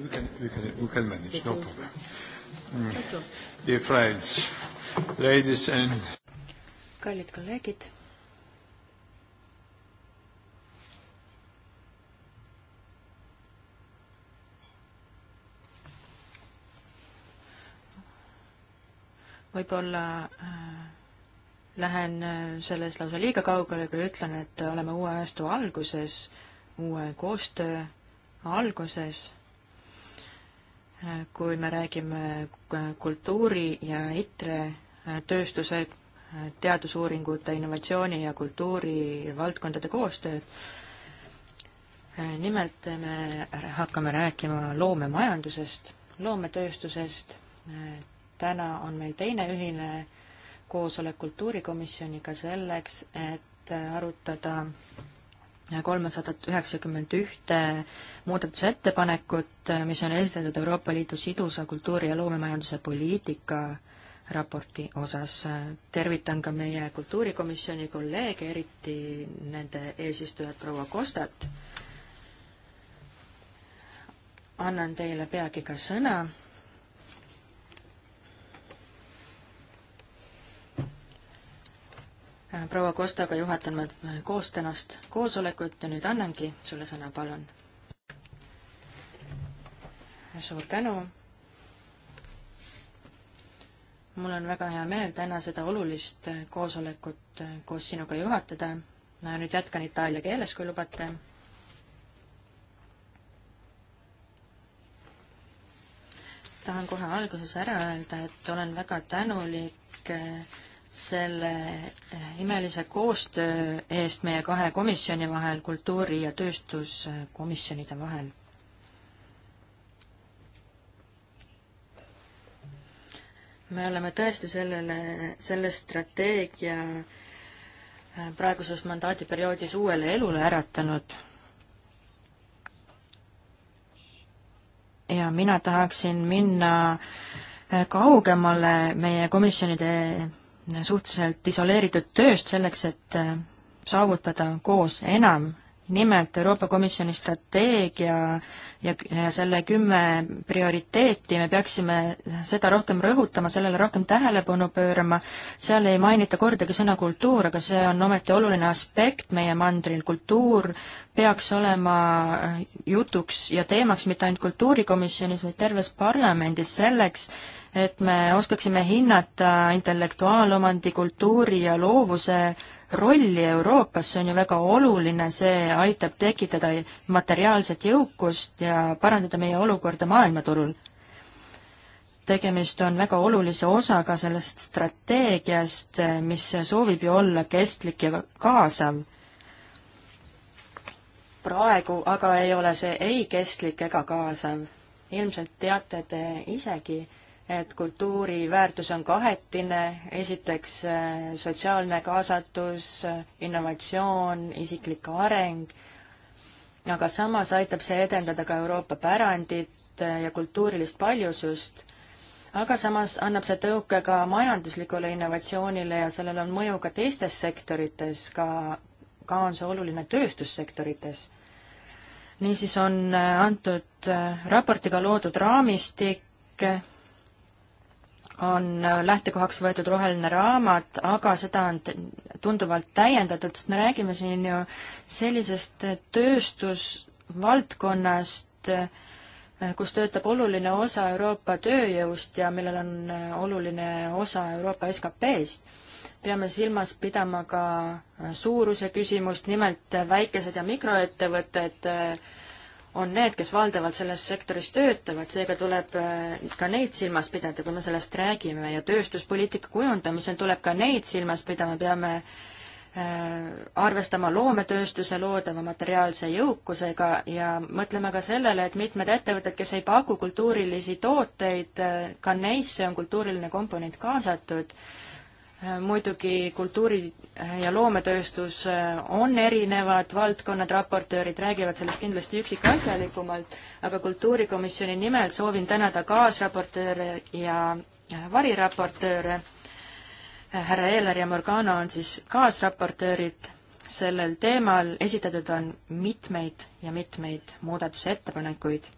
we can, we can, we can manage, no problem. Mm. Dear friends, ladies and... Kallid kolleegid. Võib-olla äh, lähen äh, selles lausa liiga kaugele, kui ütlen, et oleme uue ajastu alguses, uue koostöö alguses kui me räägime kultuuri ja ITRE tööstuse teadusuuringute, innovatsiooni ja kultuuri valdkondade koostööd. nimelt me hakkame rääkima loomemajandusest, loometööstusest. täna on meil teine ühine koosolek kultuurikomisjoniga selleks, et arutada kolmesadat üheksakümmend ühte muudatusettepanekut, mis on esitatud Euroopa Liidu sidusa kultuuri- ja loomemajanduse poliitika raporti osas. tervitan ka meie kultuurikomisjoni kolleege, eriti nende eesistujat proua Kostat. annan teile peagi ka sõna Äh, proua Kostaga juhatan ma äh, koos tänast koosolekut ja nüüd annangi sulle sõna, palun. suur tänu. mul on väga hea meel täna seda olulist äh, koosolekut koos sinuga juhatada. nüüd jätkan itaalia keeles, kui lubate. tahan kohe alguses ära öelda, et olen väga tänulik selle eh, imelise koostöö eest meie kahe komisjoni vahel, kultuuri- ja tööstuskomisjonide vahel. me oleme tõesti sellele, selle strateegia eh, praeguses mandaadiperioodis uuele elule äratanud ja mina tahaksin minna eh, kaugemale meie komisjonide suhteliselt isoleeritud tööst selleks, et äh, saavutada koos enam. nimelt Euroopa Komisjoni strateegia ja, ja selle kümme prioriteeti, me peaksime seda rohkem rõhutama, sellele rohkem tähelepanu pöörama, seal ei mainita kordagi sõna kultuur, aga see on ometi oluline aspekt meie mandril, kultuur peaks olema äh, jutuks ja teemaks mitte ainult kultuurikomisjonis, vaid terves parlamendis selleks, et me oskaksime hinnata intellektuaalomandi, kultuuri ja loovuse rolli Euroopas, see on ju väga oluline, see aitab tekitada materiaalset jõukust ja parandada meie olukorda maailmaturul. tegemist on väga olulise osaga sellest strateegiast, mis soovib ju olla kestlik ja kaasav. praegu aga ei ole see ei kestlik ega kaasav. ilmselt teate te isegi, et kultuuri väärtus on kahetine, esiteks äh, sotsiaalne kaasatus, äh, innovatsioon, isiklik areng, aga samas aitab see edendada ka Euroopa pärandit äh, ja kultuurilist paljusust, aga samas annab see tõuke ka majanduslikule innovatsioonile ja sellel on mõju ka teistes sektorites, ka, ka on see oluline tööstussektorites. niisiis on antud raportiga loodud raamistik, on lähtekohaks võetud roheline raamat, aga seda on tunduvalt täiendatud, sest me räägime siin ju sellisest tööstusvaldkonnast, kus töötab oluline osa Euroopa tööjõust ja millel on oluline osa Euroopa SKP-st. peame silmas pidama ka suuruse küsimust, nimelt väikesed ja mikroettevõtted et on need, kes valdavalt selles sektoris töötavad, seega tuleb äh, ka neid silmas pidada, kui me sellest räägime ja tööstuspoliitika kujundamisel tuleb ka neid silmas pidama, peame äh, arvestama loometööstuse loodava materiaalse jõukusega ja mõtleme ka sellele, et mitmed ettevõtted, kes ei paku kultuurilisi tooteid, äh, ka neisse on kultuuriline komponent kaasatud Äh, muidugi kultuuri- ja loometööstus äh, on erinevad valdkonnad, raportöörid räägivad sellest kindlasti üksikasjalikumalt, aga Kultuurikomisjoni nimel soovin tänada kaasraportööre ja äh, variraportööre, härra Eeler ja Morgana on siis kaasraportöörid sellel teemal, esitatud on mitmeid ja mitmeid muudatusettepanekuid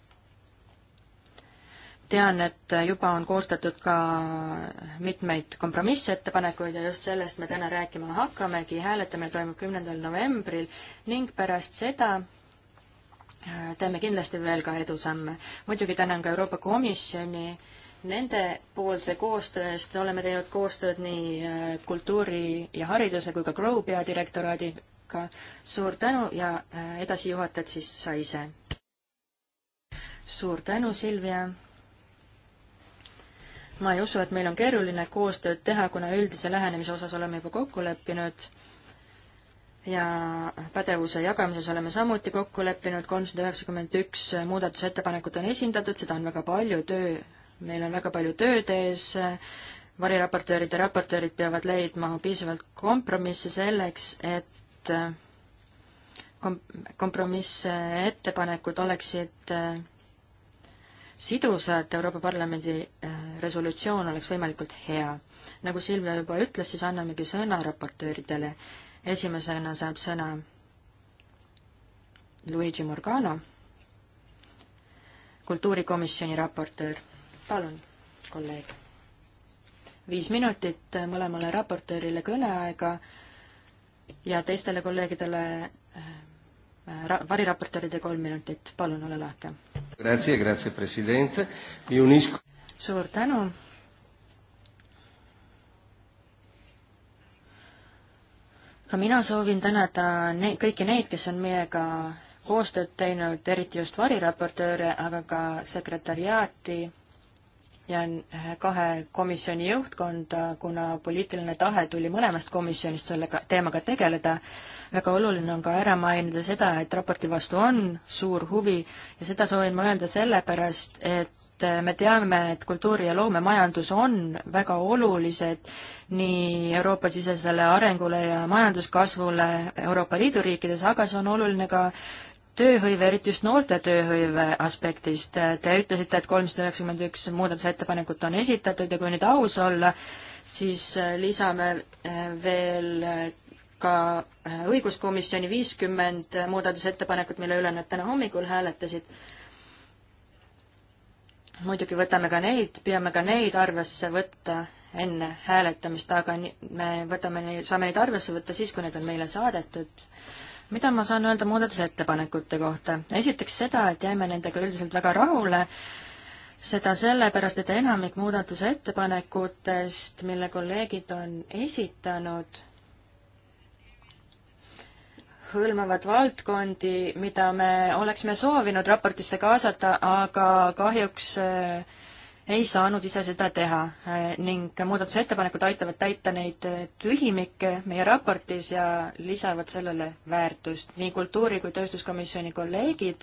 tean, et juba on koostatud ka mitmeid kompromissettepanekuid ja just sellest me täna rääkima hakkamegi. hääletamine toimub kümnendal novembril ning pärast seda äh, teeme kindlasti veel ka edusamme. muidugi tänan ka Euroopa Komisjoni nendepoolse koostöö eest, oleme teinud koostööd nii äh, kultuuri ja hariduse kui ka Grow peadirektoraadiga. suur tänu ja äh, edasi juhatad siis sa ise. suur tänu, Silvia ma ei usu, et meil on keeruline koostööd teha, kuna üldise lähenemise osas oleme juba kokku leppinud ja pädevuse jagamises oleme samuti kokku leppinud, kolmsada üheksakümmend üks muudatusettepanekut on esindatud, seda on väga palju, töö, meil on väga palju tööd ees, variraportöörid ja raportöörid peavad leidma piisavalt kompromisse selleks, et kom-, kompromissettepanekud oleksid sidus, et Euroopa Parlamendi äh, resolutsioon oleks võimalikult hea. nagu Silvia juba ütles, siis annamegi sõna raportööridele. esimesena saab sõna Luigi Morgano, kultuurikomisjoni raportöör. palun, kolleeg. viis minutit mõlemale raportöörile kõneaega ja teistele kolleegidele variraportööride kolm minutit, palun, ole lahke. Grazie, grazie, president. suur tänu. ka mina soovin tänada ne-, kõiki neid, kes on meiega koostööd teinud, eriti just variraportööre, aga ka sekretariaati jään äh, kahe komisjoni juhtkonda, äh, kuna poliitiline tahe tuli mõlemast komisjonist sellega, teemaga tegeleda. väga oluline on ka ära mainida seda, et raporti vastu on suur huvi ja seda soovin ma öelda sellepärast, et äh, me teame, et kultuuri- ja loomemajandus on väga olulised nii Euroopa-sisesele arengule ja majanduskasvule Euroopa Liidu riikides, aga see on oluline ka tööhõive, eriti just noorte tööhõive aspektist. Te ütlesite, et kolmsada üheksakümmend üks muudatusettepanekut on esitatud ja kui nüüd aus olla, siis äh, lisame äh, veel äh, ka õiguskomisjoni viiskümmend muudatusettepanekut, mille üle nad täna hommikul hääletasid. muidugi võtame ka neid, peame ka neid arvesse võtta enne hääletamist, aga me võtame, saame neid arvesse võtta siis, kui need on meile saadetud mida ma saan öelda muudatusettepanekute kohta? esiteks seda, et jäime nendega üldiselt väga rahule, seda sellepärast, et enamik muudatusettepanekutest, mille kolleegid on esitanud, hõlmavad valdkondi, mida me oleksime soovinud raportisse kaasata, aga kahjuks äh, ei saanud ise seda teha ning muudatusettepanekud aitavad täita neid tühimikke meie raportis ja lisavad sellele väärtust. nii kultuuri- kui tööstuskomisjoni kolleegid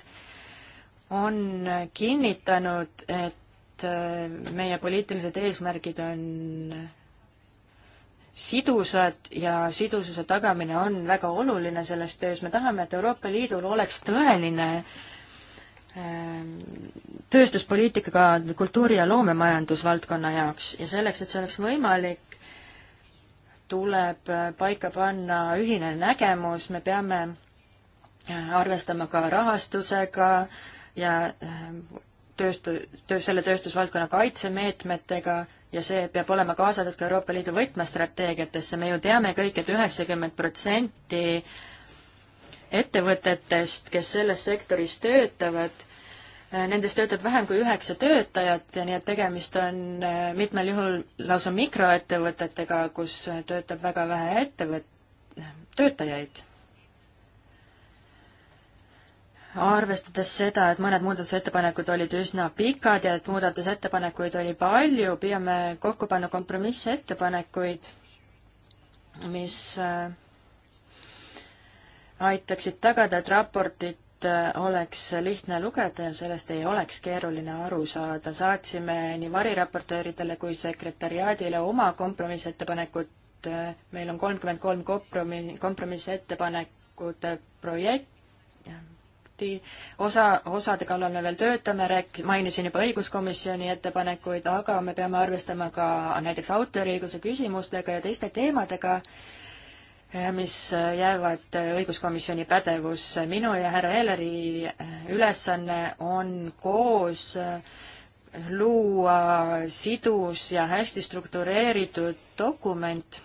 on kinnitanud, et meie poliitilised eesmärgid on sidusad ja sidususe tagamine on väga oluline selles töös. me tahame, et Euroopa Liidul oleks tõeline äh, tööstuspoliitikaga kultuuri- ja loomemajandusvaldkonna jaoks ja selleks, et see oleks võimalik, tuleb äh, paika panna ühine nägemus, me peame äh, arvestama ka rahastusega ja äh, tööstu-, töö, selle tööstusvaldkonna kaitsemeetmetega ja see peab olema kaasatud ka Euroopa Liidu võtmestrateegiatesse, me ju teame kõik et, et üheksakümmend protsenti ettevõtetest, kes selles sektoris töötavad, nendest töötab vähem kui üheksa töötajat ja nii et tegemist on eh, mitmel juhul lausa mikroettevõtetega, kus töötab väga vähe ettevõt-, töötajaid. arvestades seda, et mõned muudatusettepanekud olid üsna pikad ja et muudatusettepanekuid oli palju, püüame kokku panna kompromissettepanekuid, mis äh, aitaksid tagada, et raportit äh, oleks lihtne lugeda ja sellest ei oleks keeruline aru saada. saatsime nii variraportööridele kui sekretariaadile oma kompromissettepanekud. Äh, meil on kolmkümmend kolm kompromi-, kompromissettepanekute projekti, osa, osade kallal me veel töötame, rääk-, mainisin juba õiguskomisjoni ettepanekuid, aga me peame arvestama ka näiteks autoriõiguse küsimustega ja teiste teemadega, Eh, mis eh, jäävad eh, õiguskomisjoni pädevusse. minu ja härra Elleri ülesanne on koos luua sidus ja hästi struktureeritud dokument,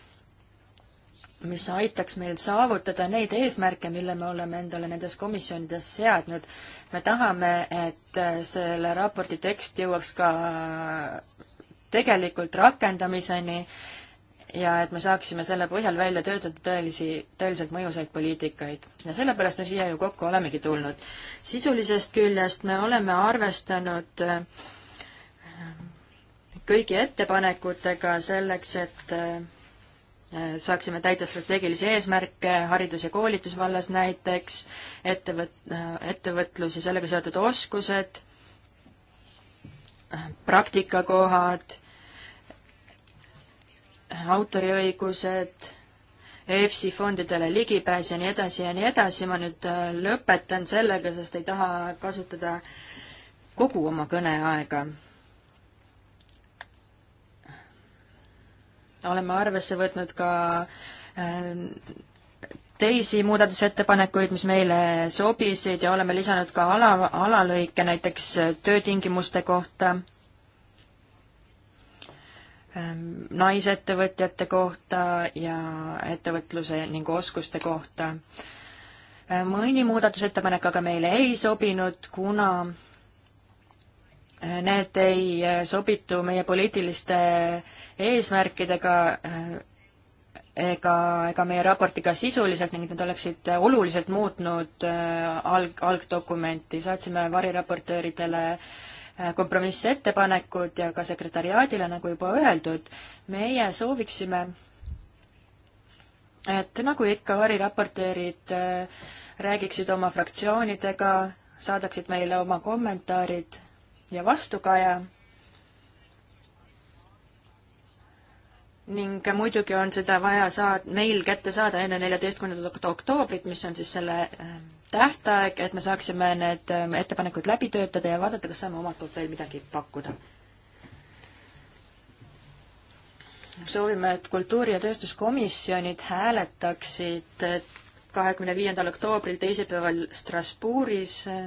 mis aitaks meil saavutada neid eesmärke, mille me oleme endale nendes komisjonides seadnud. me tahame, et selle raporti tekst jõuaks ka tegelikult rakendamiseni ja et me saaksime selle põhjal välja töötada tõelisi, tõeliselt mõjusaid poliitikaid. ja sellepärast me siia ju kokku olemegi tulnud. sisulisest küljest me oleme arvestanud äh, kõigi ettepanekutega selleks, et äh, saaksime täita strateegilisi eesmärke haridus- ja koolitusvallas näiteks, ettevõt-, äh, ettevõtlus ja sellega seotud oskused, praktikakohad autoriõigused, EFSI fondidele ligipääs ja nii edasi ja nii edasi, ma nüüd äh, lõpetan sellega, sest ei taha kasutada kogu oma kõneaega. oleme arvesse võtnud ka äh, teisi muudatusettepanekuid, mis meile sobisid ja oleme lisanud ka ala, alalõike näiteks töötingimuste kohta Ähm, naisettevõtjate kohta ja ettevõtluse ning oskuste kohta. Äh, mõni muudatusettepanek aga meile ei sobinud, kuna äh, need ei äh, sobitu meie poliitiliste eesmärkidega ega, ega meie raportiga sisuliselt ning need oleksid oluliselt muutnud alg, algdokumenti, saatsime variraportööridele äh, Äh, kompromissettepanekud ja ka sekretariaadile, nagu juba öeldud, meie sooviksime, et nagu ikka, variraportöörid äh, räägiksid oma fraktsioonidega, saadaksid meile oma kommentaarid ja vastukaja ning muidugi on seda vaja saad-, meil kätte saada enne neljateistkümnendat oktoobrit, mis on siis selle ähm, tähtaeg, et me saaksime need ähm, ettepanekud läbi töötada ja vaadata, kas saame omalt poolt veel midagi pakkuda. soovime, et kultuuri- ja tööstuskomisjonid hääletaksid äh, kahekümne viiendal oktoobril teisipäeval Strasbourgis äh,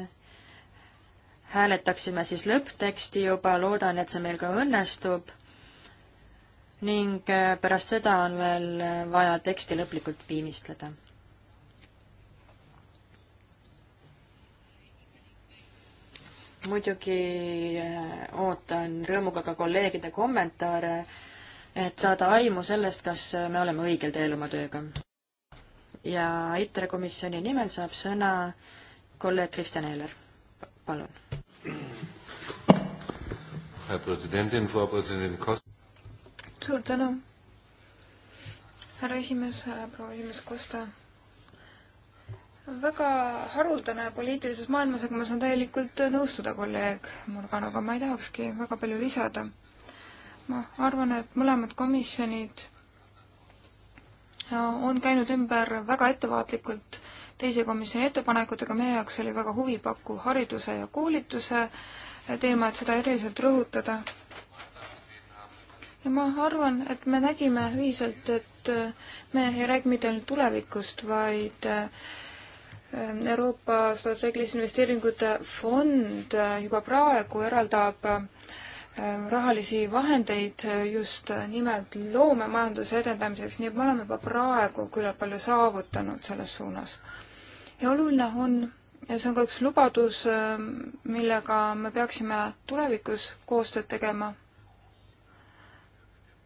hääletaksime siis lõppteksti juba, loodan, et see meil ka õnnestub ning äh, pärast seda on veel äh, vaja teksti lõplikult piimistleda. muidugi äh, ootan rõõmuga ka kolleegide kommentaare, et saada aimu sellest, kas me oleme õigel teel oma tööga. ja ITRE komisjoni nimel saab sõna kolleeg Kristjan Eeler, palun. Herr Präsidentin, Frau Präsidentin Kost- suur tänu, härra esimees, proua esimees Kosta. väga haruldane poliitilises maailmas, aga ma saan täielikult nõustuda kolleeg Murganoga, ma ei tahakski väga palju lisada. ma arvan, et mõlemad komisjonid on käinud ümber väga ettevaatlikult teise komisjoni ettepanekutega, meie jaoks oli väga huvipakkuv hariduse ja koolituse teema, et seda eriliselt rõhutada ja ma arvan, et me nägime ühiselt, et äh, me ei räägi mitte ainult tulevikust, vaid äh, Euroopa strateegilise investeeringute fond äh, juba praegu eraldab rahalisi vahendeid just nimelt loomemajanduse edendamiseks, nii et me oleme juba praegu küllalt palju saavutanud selles suunas. ja oluline on, ja see on ka üks lubadus, millega me peaksime tulevikus koostööd tegema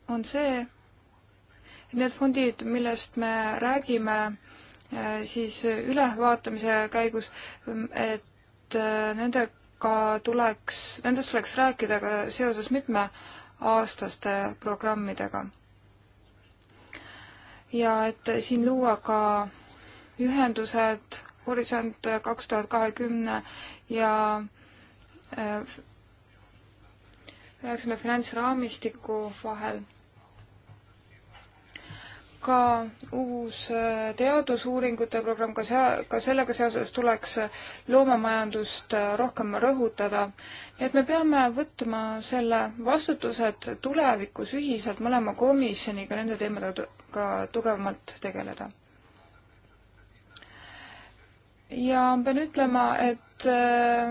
on see, et need fondid, millest me räägime eh, siis ülevaatamise käigus, et eh, nendega tuleks, nendest tuleks rääkida ka seoses mitmeaastaste programmidega. ja et siin luua ka ühendused Horisont kaks tuhat kahekümne ja eh, üheksanda finantsraamistiku vahel. ka uus äh, teadusuuringute programm, ka see, ka sellega seoses tuleks äh, loomemajandust äh, rohkem rõhutada. nii et me peame võtma selle vastutused tulevikus ühiselt mõlema komisjoniga nende teemadega tugevamalt tegeleda. ja pean ütlema, et Äh,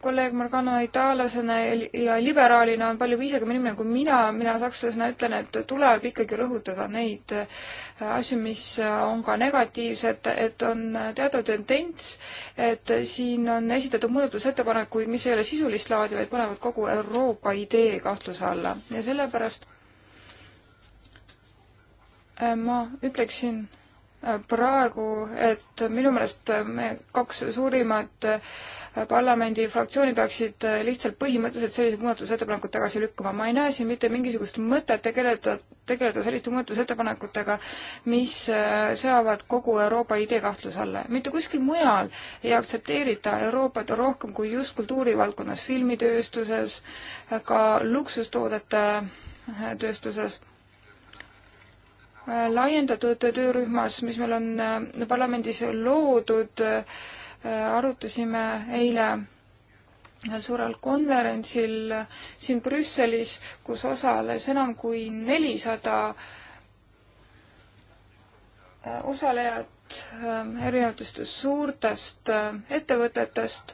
kolleeg Morgana itaallasena ja liberaalina on palju viisakam inimene kui mina, mina sakslasena ütlen, et tuleb ikkagi rõhutada neid äh, asju, mis äh, on ka negatiivsed, et on teatav tendents, et siin on esitatud muudatusettepanekuid, mis ei ole sisulist laadi, vaid panevad kogu Euroopa idee kahtluse alla ja sellepärast ma ütleksin praegu, et minu meelest me kaks suurimat äh, parlamendifraktsiooni peaksid äh, lihtsalt põhimõtteliselt sellised muudatusettepanekud tagasi lükkama. ma ei näe siin mitte mingisugust mõtet tegeleda, tegeleda selliste muudatusettepanekutega, mis äh, seavad kogu Euroopa idee kahtluse alla. mitte kuskil mujal ei aktsepteerita Euroopat rohkem kui just kultuurivaldkonnas, filmitööstuses, ka luksustoodete tööstuses laiendatud töörühmas, mis meil on äh, parlamendis loodud, äh, arutasime eile suurel konverentsil äh, siin Brüsselis, kus osales enam kui nelisada osalejat erinevatest suurtest ettevõtetest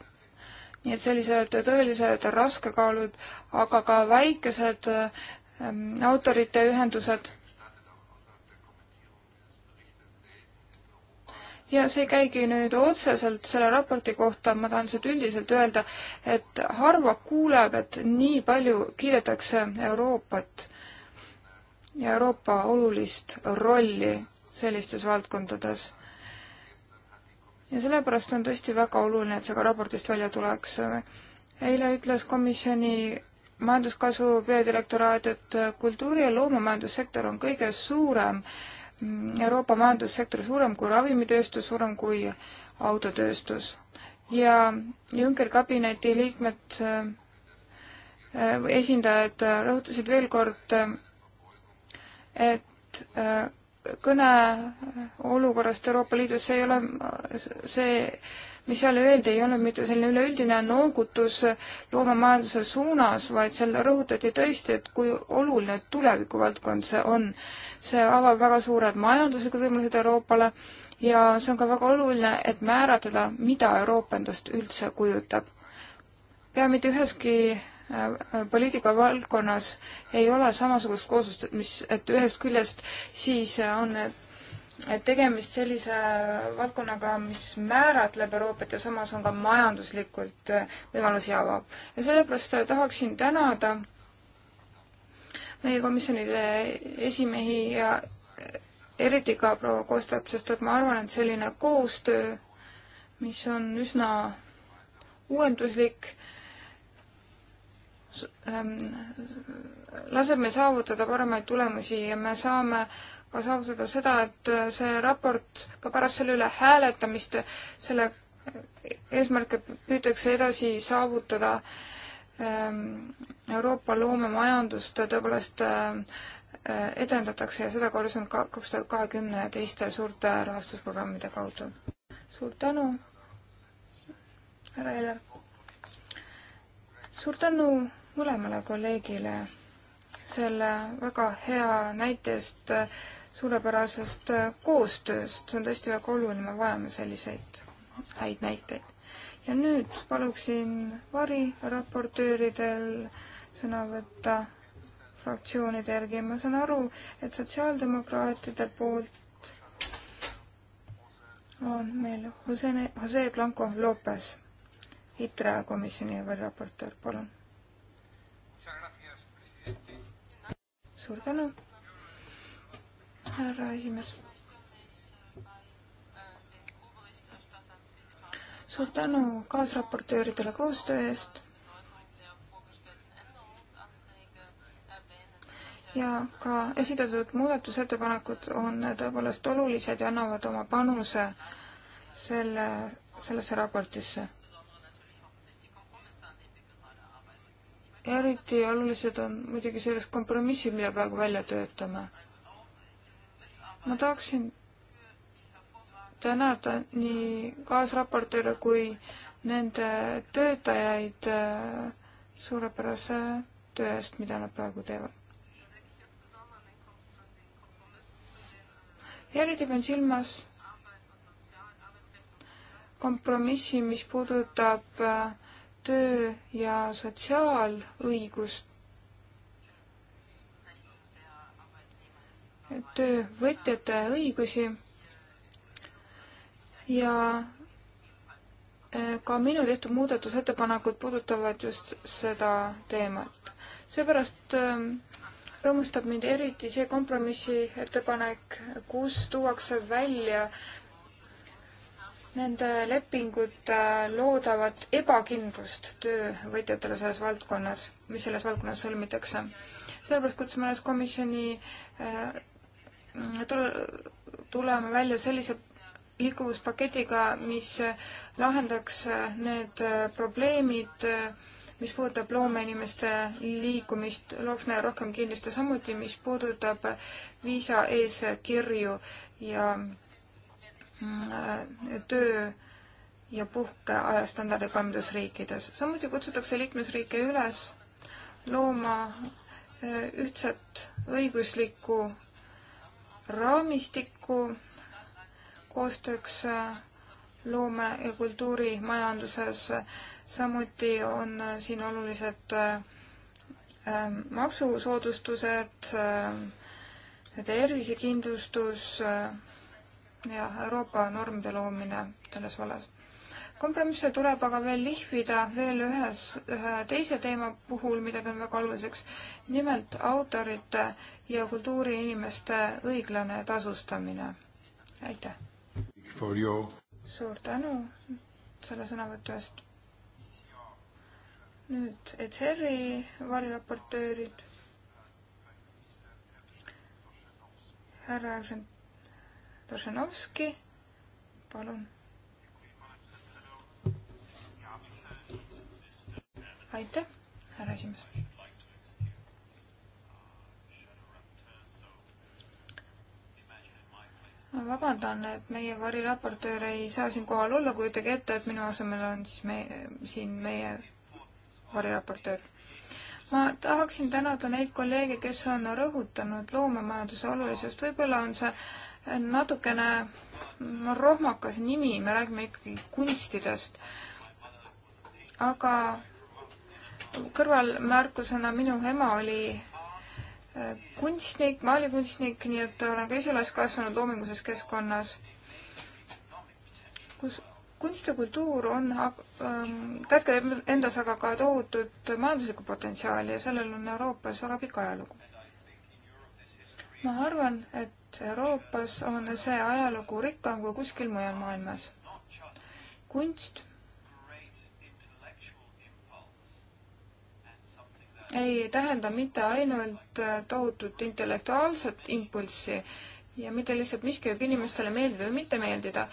nii et sellised tõelised raskekaalud, aga ka väikesed ähm, autorite ühendused. ja see ei käigi nüüd otseselt selle raporti kohta, ma tahan lihtsalt üldiselt öelda, et harva kuuleb, et nii palju kiidetakse Euroopat ja Euroopa olulist rolli sellistes valdkondades. ja sellepärast on tõesti väga oluline, et see ka raportist välja tuleks. eile ütles komisjoni majanduskasvu peadirektoraat, et kultuuri- ja loomamajandussektor on kõige suurem äh, Mm, Euroopa majandussektor suurem kui ravimitööstus, suurem kui autotööstus. ja Junckeri kabineti liikmed, äh, äh, esindajad rõhutasid veel kord, et äh, kõne olukorrast Euroopa Liidus, see ei ole, see, mis seal öeldi, ei olnud mitte selline üleüldine noogutus loomemajanduse suunas, vaid seal rõhutati tõesti, et kui oluline tulevikuvaldkond see on see avab väga suured majanduslikud võimalused Euroopale ja see on ka väga oluline, et määratleda, mida Euroopa endast üldse kujutab. pea mitte üheski äh, äh, poliitika valdkonnas ei ole samasugust kooslust, et mis, et ühest küljest siis äh, on et tegemist sellise valdkonnaga, mis määratleb Euroopat ja samas on ka majanduslikult võimalusi avab. ja sellepärast tahaksin tänada äh, meie komisjonide esimehi ja eriti ka proua Kostat, sest et ma arvan, et selline koostöö, mis on üsna uuenduslik, ähm, laseb meil saavutada paremaid tulemusi ja me saame ka saavutada seda, et see raport ka pärast selle üle hääletamist, selle eesmärke püütakse edasi saavutada äh, Ehm, Euroopa loomemajandust tõepoolest äh, edendatakse ja seda Horisont kaks tuhat kahekümne ja teiste suurte rahastusprogrammide kaudu. suur tänu, härra Eiler. suur tänu mõlemale kolleegile selle väga hea näite eest suurepärasest koostööst, see on tõesti väga oluline, me vajame selliseid häid näiteid ja nüüd paluksin variraportööridel sõna võtta fraktsioonide järgi. ma saan aru, et sotsiaaldemokraatide poolt on meil Jose, Jose Blanco Lopez, ITRA komisjoni variraportöör, palun. suur tänu, härra esimees suur tänu kaasraportööridele koostöö eest ja ka esitatud muudatusettepanekud on tõepoolest olulised ja annavad oma panuse selle, sellesse raportisse. eriti olulised on muidugi selles kompromissid, mida praegu välja töötame. ma tahaksin tänada nii kaasraportööre kui nende töötajaid äh, suurepärase töö eest, mida nad praegu teevad. eriti pean silmas kompromissi, mis puudutab äh, töö- ja sotsiaalõigust. töövõtjate õigusi ja eh, ka minu tehtud muudatusettepanekud puudutavad just seda teemat. seepärast ehm, rõõmustab mind eriti see kompromissi ettepanek, kus tuuakse välja nende lepingute loodavat ebakindlust töövõtjatele selles valdkonnas, mis selles valdkonnas sõlmitakse. sellepärast kutsume üles komisjoni eh, tulema välja sellise liikuvuspaketiga, mis lahendaks need probleemid, mis puudutab loomeinimeste liikumist, looks neile rohkem kindlust ja samuti, mis puudutab viisa eeskirju ja mm, töö ja puhkeaja standardi kolmandates riikides. samuti kutsutakse liikmesriike üles looma eh, ühtset õiguslikku raamistikku koostööks äh, loome- ja kultuurimajanduses. samuti on äh, siin olulised äh, maksusoodustused, tervisekindlustus ja Euroopa normide loomine selles vallas. kompromisse tuleb aga veel lihvida veel ühes, ühe teise teema puhul, mida pean väga oluliseks, nimelt autorite ja kultuuriinimeste õiglane tasustamine. aitäh! suur tänu selle sõnavõtu eest. nüüd ETSR-i variraportöörid. härra Žantovski, palun. aitäh, härra esimees ma vabandan, et meie variraportöör ei saa siin kohal olla, kujutage ette, et minu asemel on siis meie, siin meie variraportöör. ma tahaksin tänada neid kolleege, kes on rõhutanud loomemajanduse olulisust, võib-olla on see natukene rohmakas nimi, me räägime ikkagi kunstidest, aga kõrvalmärkusena minu ema oli kunstnik, maalikunstnik, nii et olen ka ise üles kasvanud loominguses keskkonnas, kus kunst ja kultuur on ähm,, kätkeb endas aga ka tohutut majanduslikku potentsiaali ja sellel on Euroopas väga pikk ajalugu. ma arvan, et Euroopas on see ajalugu rikkam kui kuskil mujal maailmas. kunst ei tähenda mitte ainult äh, tohutut intellektuaalset impulssi ja mitte lihtsalt miski võib inimestele meeldida või mitte meeldida,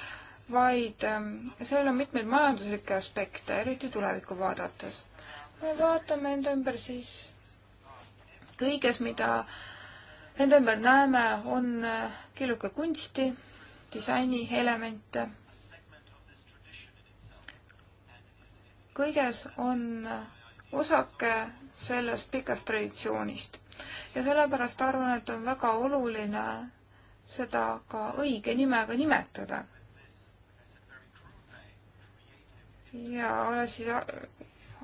vaid ähm, sellel on mitmeid majanduslikke aspekte, eriti tulevikku vaadates. me vaatame enda ümber siis kõiges, mida enda ümber näeme, on äh, killuke kunsti, disaini elemente. kõiges on äh, osake sellest pikast traditsioonist. ja sellepärast arvan, et on väga oluline seda ka õige nimega nimetada. ja olen siis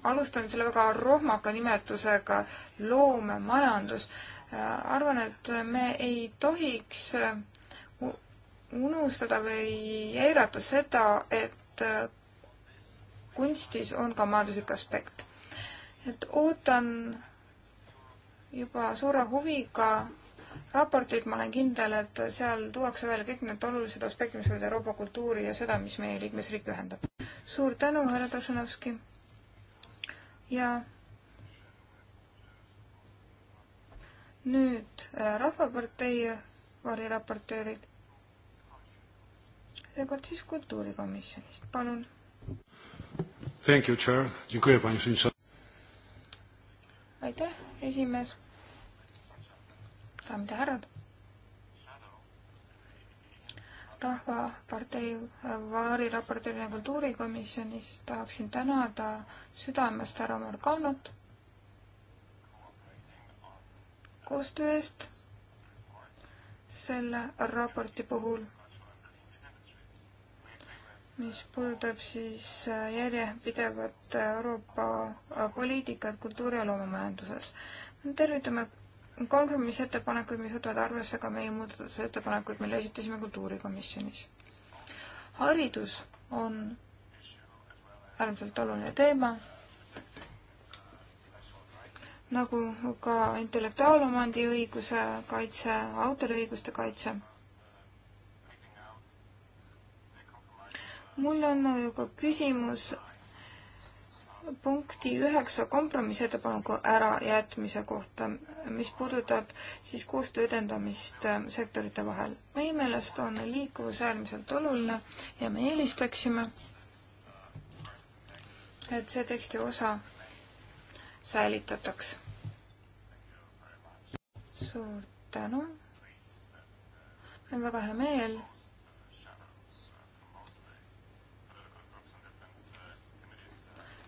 alustanud selle väga rohmaka nimetusega loomemajandus. arvan, et me ei tohiks unustada või eirata seda, et kunstis on ka majanduslik aspekt et ootan juba suure huviga raportit, ma olen kindel, et seal tuuakse välja kõik need olulised aspektid, mis võivad Euroopa kultuuri ja seda, mis meie liikmesriike ühendab. suur tänu, härra Tosunovski. ja nüüd äh, Rahvapartei variraportöörid. seekord siis kultuurikomisjonist, palun. Thank you, Chair. Dziękuję Pani Przewodnicząca aitäh, esimees. daamid ja härrad. rahvapartei äh, variraportöörina kultuurikomisjonis tahaksin tänada südamest härra Morganot koostöö eest selle raporti puhul mis puudutab siis äh, järjepidevat Euroopa äh, poliitikat kultuuri- ja loomemajanduses. tervitame kompromissettepanekuid, mis võtavad arvesse ka meie muudatusettepanekuid, mille esitasime Kultuurikomisjonis. haridus on äärmiselt oluline teema, nagu ka intellektuaalomandi õiguse kaitse, autoriõiguste kaitse mul on äh, ka küsimus punkti üheksa kompromissettepaneku ärajätmise kohta, mis puudutab siis koostöö edendamist äh, sektorite vahel. meie meelest on liikuvus äärmiselt oluline ja me eelistaksime, et see teksti osa säilitataks. suur tänu. meil on väga hea meel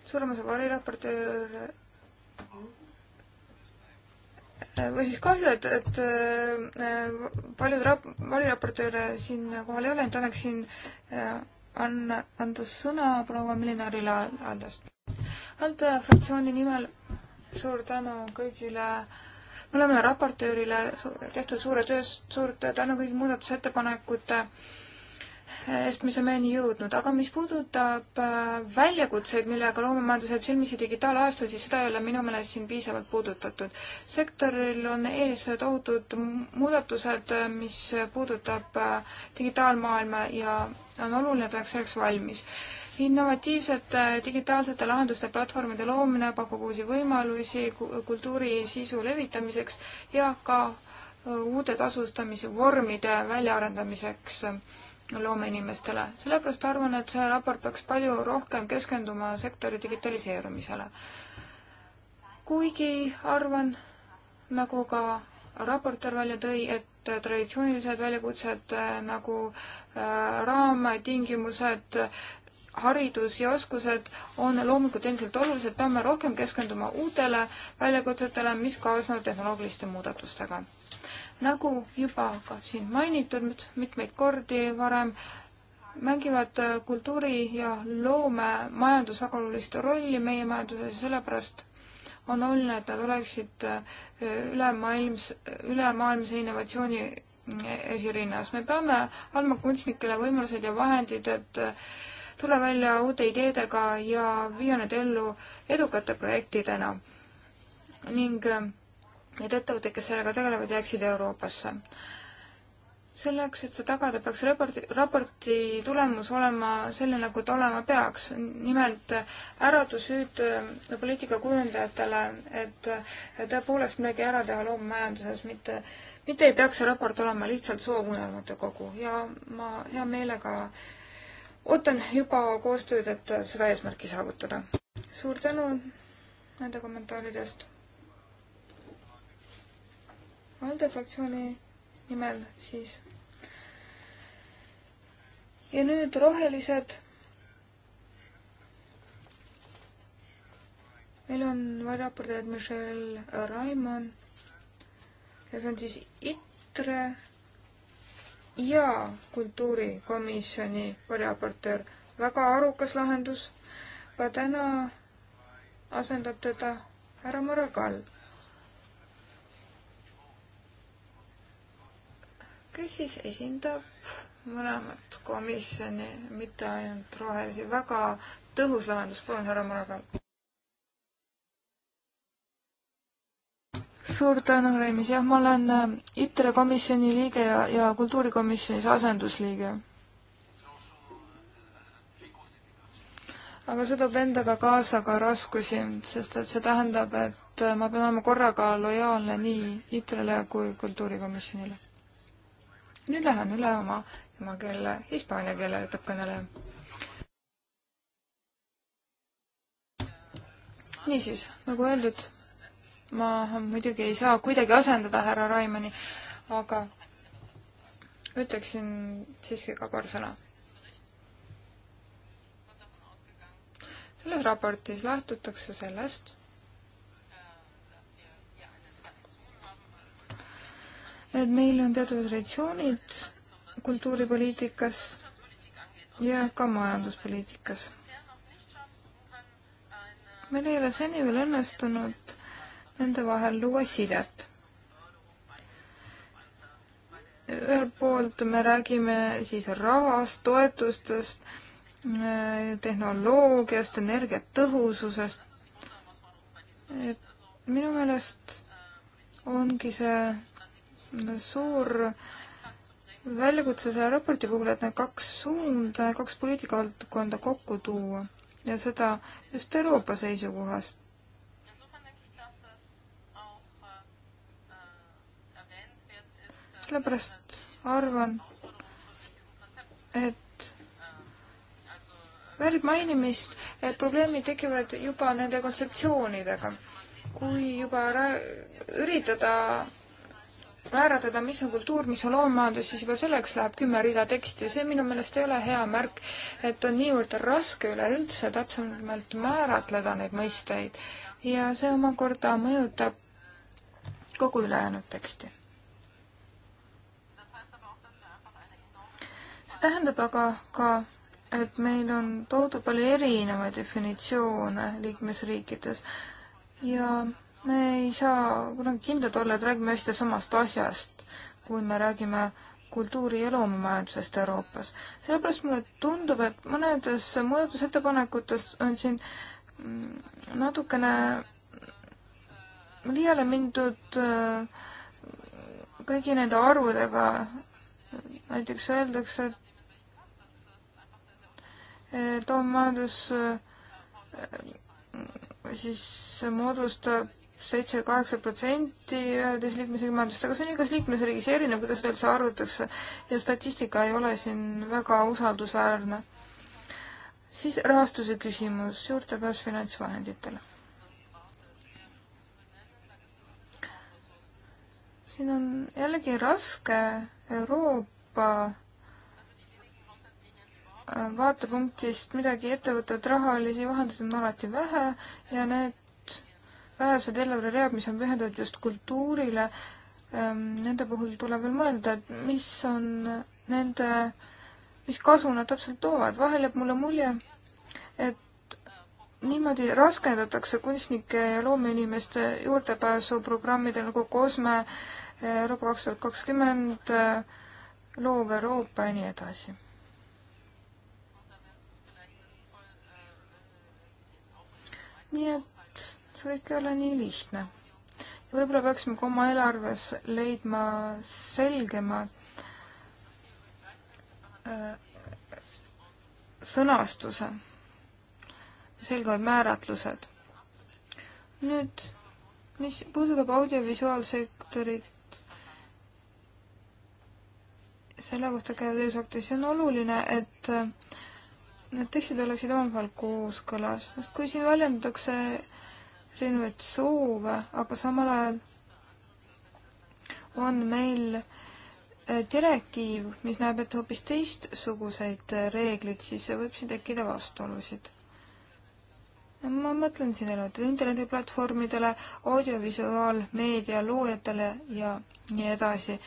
suurem osa variraportööre või siis kahju, et, et äh, paljud rap-, valiraportööre siin kohal ei ole, et annaksin äh, anna, anda sõna proua Milinarile Aldast. Alde fraktsiooni nimel suur tänu kõigile mõlemale raportöörile tehtud suure tööst, suurt tänu kõigi muudatusettepanekute äh, eest me oleme enne jõudnud, aga mis puudutab äh, väljakutseid, millega loomemajandus jääb silmitsi digitaalajastul, siis seda ei ole minu meelest siin piisavalt puudutatud. sektoril on ees tohutud muudatused, äh, mis puudutab äh, digitaalmaailma ja on oluline, et oleks selleks valmis. innovatiivsete digitaalsete lahenduste platvormide loomine pakub uusi võimalusi kultuuri sisu levitamiseks ja ka uute tasustamisvormide väljaarendamiseks loomeinimestele. sellepärast arvan, et see raport peaks palju rohkem keskenduma sektori digitaliseerumisele. kuigi arvan, nagu ka raportöör välja tõi, et traditsioonilised väljakutsed eh, nagu eh, raamtingimused, haridus ja oskused on loomulikult endiselt olulised, peame rohkem keskenduma uutele väljakutsetele, mis kaasnevad tehnoloogiliste muudatustega nagu juba ka siin mainitud mitmeid kordi varem, mängivad äh, kultuuri ja loomemajandus väga olulist rolli meie majanduses ja sellepärast on oluline, et nad oleksid äh, ülemaailms, ülemaailmse innovatsiooni äh, esirinnas. me peame andma kunstnikele võimalused ja vahendid, et tule välja uute ideedega ja viia need ellu edukate projektidena. ning et ettevõtted, kes sellega tegelevad, jääksid Euroopasse. selleks, et see tagada, peaks raporti, raporti tulemus olema selline, nagu ta olema peaks. nimelt äratusüüd äh, poliitikakujundajatele, et tõepoolest midagi ära teha loomajanduses, mitte, mitte ei peaks see raport olema lihtsalt soovunelmate kogu ja ma hea meelega ootan juba koostööd, et seda eesmärki saavutada. suur tänu nende kommentaaride eest ALDE fraktsiooni nimel siis. ja nüüd rohelised. meil on varjaportajad Michelle Raimon, kes on siis ITRE ja kultuurikomisjoni varjaportöör. väga arukas lahendus. ka täna asendab teda härra Mare Kald. kes siis esindab mõlemat komisjoni, mitte ainult rohelisi, väga tõhus lahendus, palun härra Maragall. suur tänu, Reimis, jah, ma olen äh, ITRE komisjoni liige ja, ja kultuurikomisjonis asendusliige. aga see toob endaga kaasa ka raskusi, sest et see tähendab, et äh, ma pean olema korraga lojaalne nii ITRE-le kui kultuurikomisjonile nüüd lähen üle oma emakeele, hispaania keele ütleb kõneleja. niisiis, nagu öeldud, ma muidugi ei saa kuidagi asendada härra Raimani, aga ütleksin siiski ka paar sõna. selles raportis lähtutakse sellest, et meil on teatud traditsioonid kultuuripoliitikas ja ka majanduspoliitikas. meil ei ole seni veel õnnestunud nende vahel luua sidet. ühelt poolt me räägime siis rahast, toetustest, tehnoloogiast, energiatõhususest. et minu meelest ongi see suur väljakutse selle raporti puhul, et need kaks suunda, kaks poliitikavaldkonda kokku tuua ja seda just Euroopa seisukohast. sellepärast arvan, et väärib mainimist, et probleemid tekivad juba nende kontseptsioonidega. kui juba üritada määratleda, mis on kultuur, mis on loomemajandus, siis juba selleks läheb kümme rida teksti. see minu meelest ei ole hea märk, et on niivõrd raske üleüldse täpsemalt määratleda neid mõisteid ja see omakorda mõjutab kogu ülejäänud teksti. see tähendab aga ka et meil on toodud palju erinevaid definitsioone liikmesriikides ja me ei saa kunagi kindlad olla, et räägime ühest ja samast asjast, kui me räägime kultuuri- ja loomemajandusest Euroopas. sellepärast mulle tundub, et mõnedes muudatusettepanekutes on siin mm, natukene liiale mindud äh, kõigi nende arvudega. näiteks öeldakse, et loomemajandus äh, siis moodustab seitse, kaheksa protsenti üheteist liikmesriigi majandust, aga see on igas liikmesriigis erinev, kuidas seda üldse arvutatakse ja statistika ei ole siin väga usaldusväärne. siis rahastuse küsimus, juurdepääs finantsvahenditele. siin on jällegi raske Euroopa äh, vaatepunktist midagi ette võtta, et rahalisi vahendeid on alati vähe ja need vähesed eelarveread, mis on pühendatud just kultuurile, ähm, nende puhul tuleb veel mõelda, et mis on nende, mis kasu nad täpselt toovad. vahel jääb mulle mulje, et niimoodi raskendatakse kunstnike ja loomeinimeste juurdepääsu programmidele nagu Kosme, Euroopa kaks tuhat kakskümmend, loov Euroopa ja nii edasi nii et see kõik ei ole nii lihtne. võib-olla peaksime ka oma eelarves leidma selgema äh, sõnastuse, selgemad määratlused. nüüd, mis puudutab audiovisuaalsektorit, selle kohta käivad õigusaktis, see on oluline, et äh, need tekstid oleksid omavahel kooskõlas, sest kui siin väljendatakse erinevaid soove, aga samal ajal on meil eh, direktiiv, mis näeb ette hoopis teistsuguseid eh, reegleid, siis võib siin tekkida vastuolusid. ma mõtlen siin erinevatele internetiplatvormidele, audiovisuaalmeedia loojatele ja nii edasi,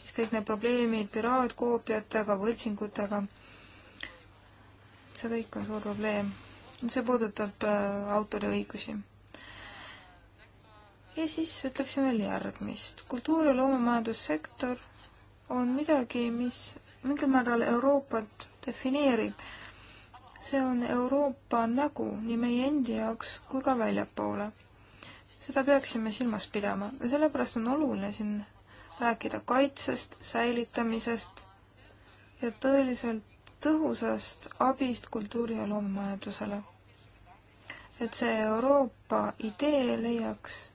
siis kõik need probleemid piraatkoopiatega, võltsingutega. see kõik on suur probleem. see puudutab äh, autoriõigusi ja siis ütleksin veel järgmist. kultuur- ja loomemajandussektor on midagi, mis mingil määral Euroopat defineerib. see on Euroopa nägu nii meie endi jaoks kui ka väljapoole. seda peaksime silmas pidama ja sellepärast on oluline siin rääkida kaitsest, säilitamisest ja tõeliselt tõhusast abist kultuuri- ja loomemajandusele. et see Euroopa idee leiaks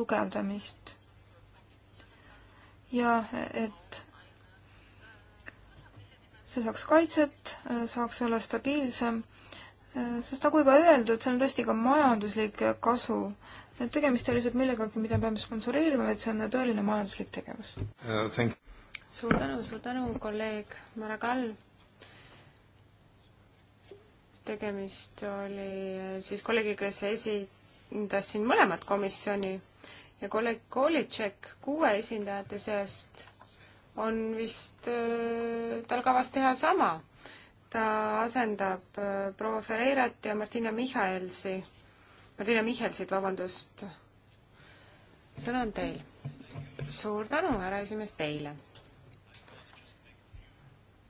tugevdamist ja et see saaks kaitset, saaks olla stabiilsem, sest nagu juba öeldud, see on tõesti ka majanduslik kasu. et tegemist ei ole lihtsalt millegagi, mida peame sponsoreerima, vaid see on tõeline majanduslik tegevus uh,. suur tänu, suur tänu, kolleeg Mare Kall. tegemist oli siis kolleegiga, kes esindas siin mõlemat komisjoni ja kolleeg Kolitšek kuue esindajate seast on vist äh, tal kavas teha sama. ta asendab äh, proua Ferreirat ja Martina Michalsi, Martina Michalsit, vabandust. sõna on teil. suur tänu, härra esimees, teile.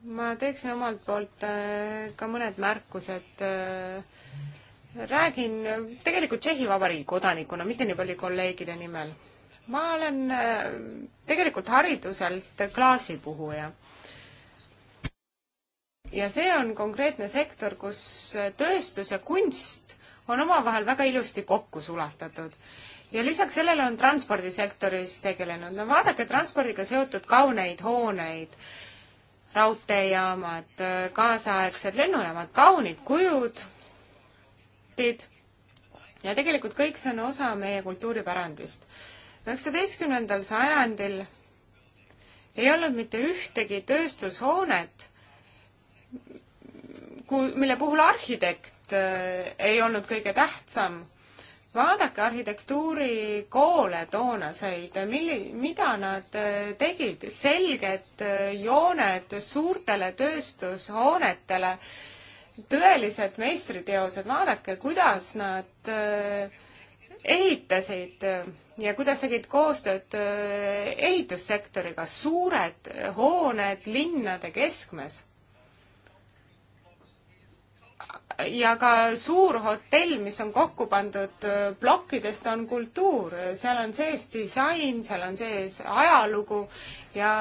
ma teeksin omalt poolt äh, ka mõned märkused äh, räägin tegelikult Tšehhi Vabariigi kodanikuna, mitte nii palju kolleegide nimel. ma olen äh, tegelikult hariduselt klaasipuhuja. ja see on konkreetne sektor, kus tööstus ja kunst on omavahel väga ilusti kokku sulatatud ja lisaks sellele on transpordisektoris tegelenud, no vaadake transpordiga seotud kauneid hooneid, raudteejaamad, kaasaegsed lennujaamad, kaunid kujud sportid ja tegelikult kõik see on osa meie kultuuripärandist. üheksateistkümnendal sajandil ei olnud mitte ühtegi tööstushoonet, ku-, mille puhul arhitekt äh, ei olnud kõige tähtsam. vaadake arhitektuurikoole toonaseid, milli-, mida nad äh, tegid, selged äh, jooned suurtele tööstushoonetele äh,, tõelised meistriteosed, vaadake, kuidas nad äh, ehitasid äh, ja kuidas tegid koostööd äh, ehitussektoriga, suured hooned linnade keskmes. ja ka suur hotell, mis on kokku pandud plokkidest, on kultuur, seal on sees disain, seal on sees ajalugu ja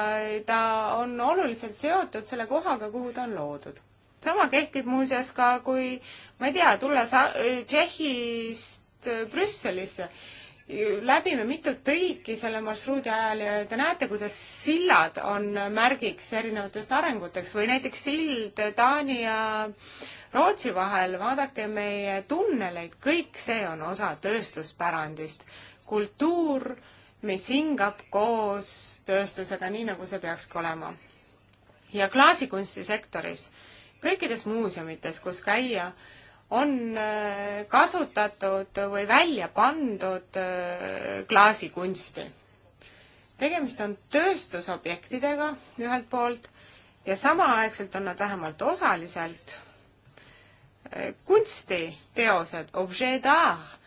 ta on oluliselt seotud selle kohaga, kuhu ta on loodud sama kehtib muuseas ka, kui ma ei tea, tulla sa-, Tšehhist äh, Brüsselisse, läbime mitut riiki selle marsruudi ajal ja te näete, kuidas sillad on märgiks erinevatest arenguteks või näiteks sild Taani ja Rootsi vahel, vaadake meie tunneleid, kõik see on osa tööstuspärandist. kultuur, mis hingab koos tööstusega, nii nagu see peakski olema. ja klaasikunstisektoris äh, kõikides muuseumites, kus käia, on äh, kasutatud või välja pandud äh, klaasikunsti. tegemist on tööstusobjektidega ühelt poolt ja samaaegselt on nad vähemalt osaliselt äh, kunstiteosed, objet d'art.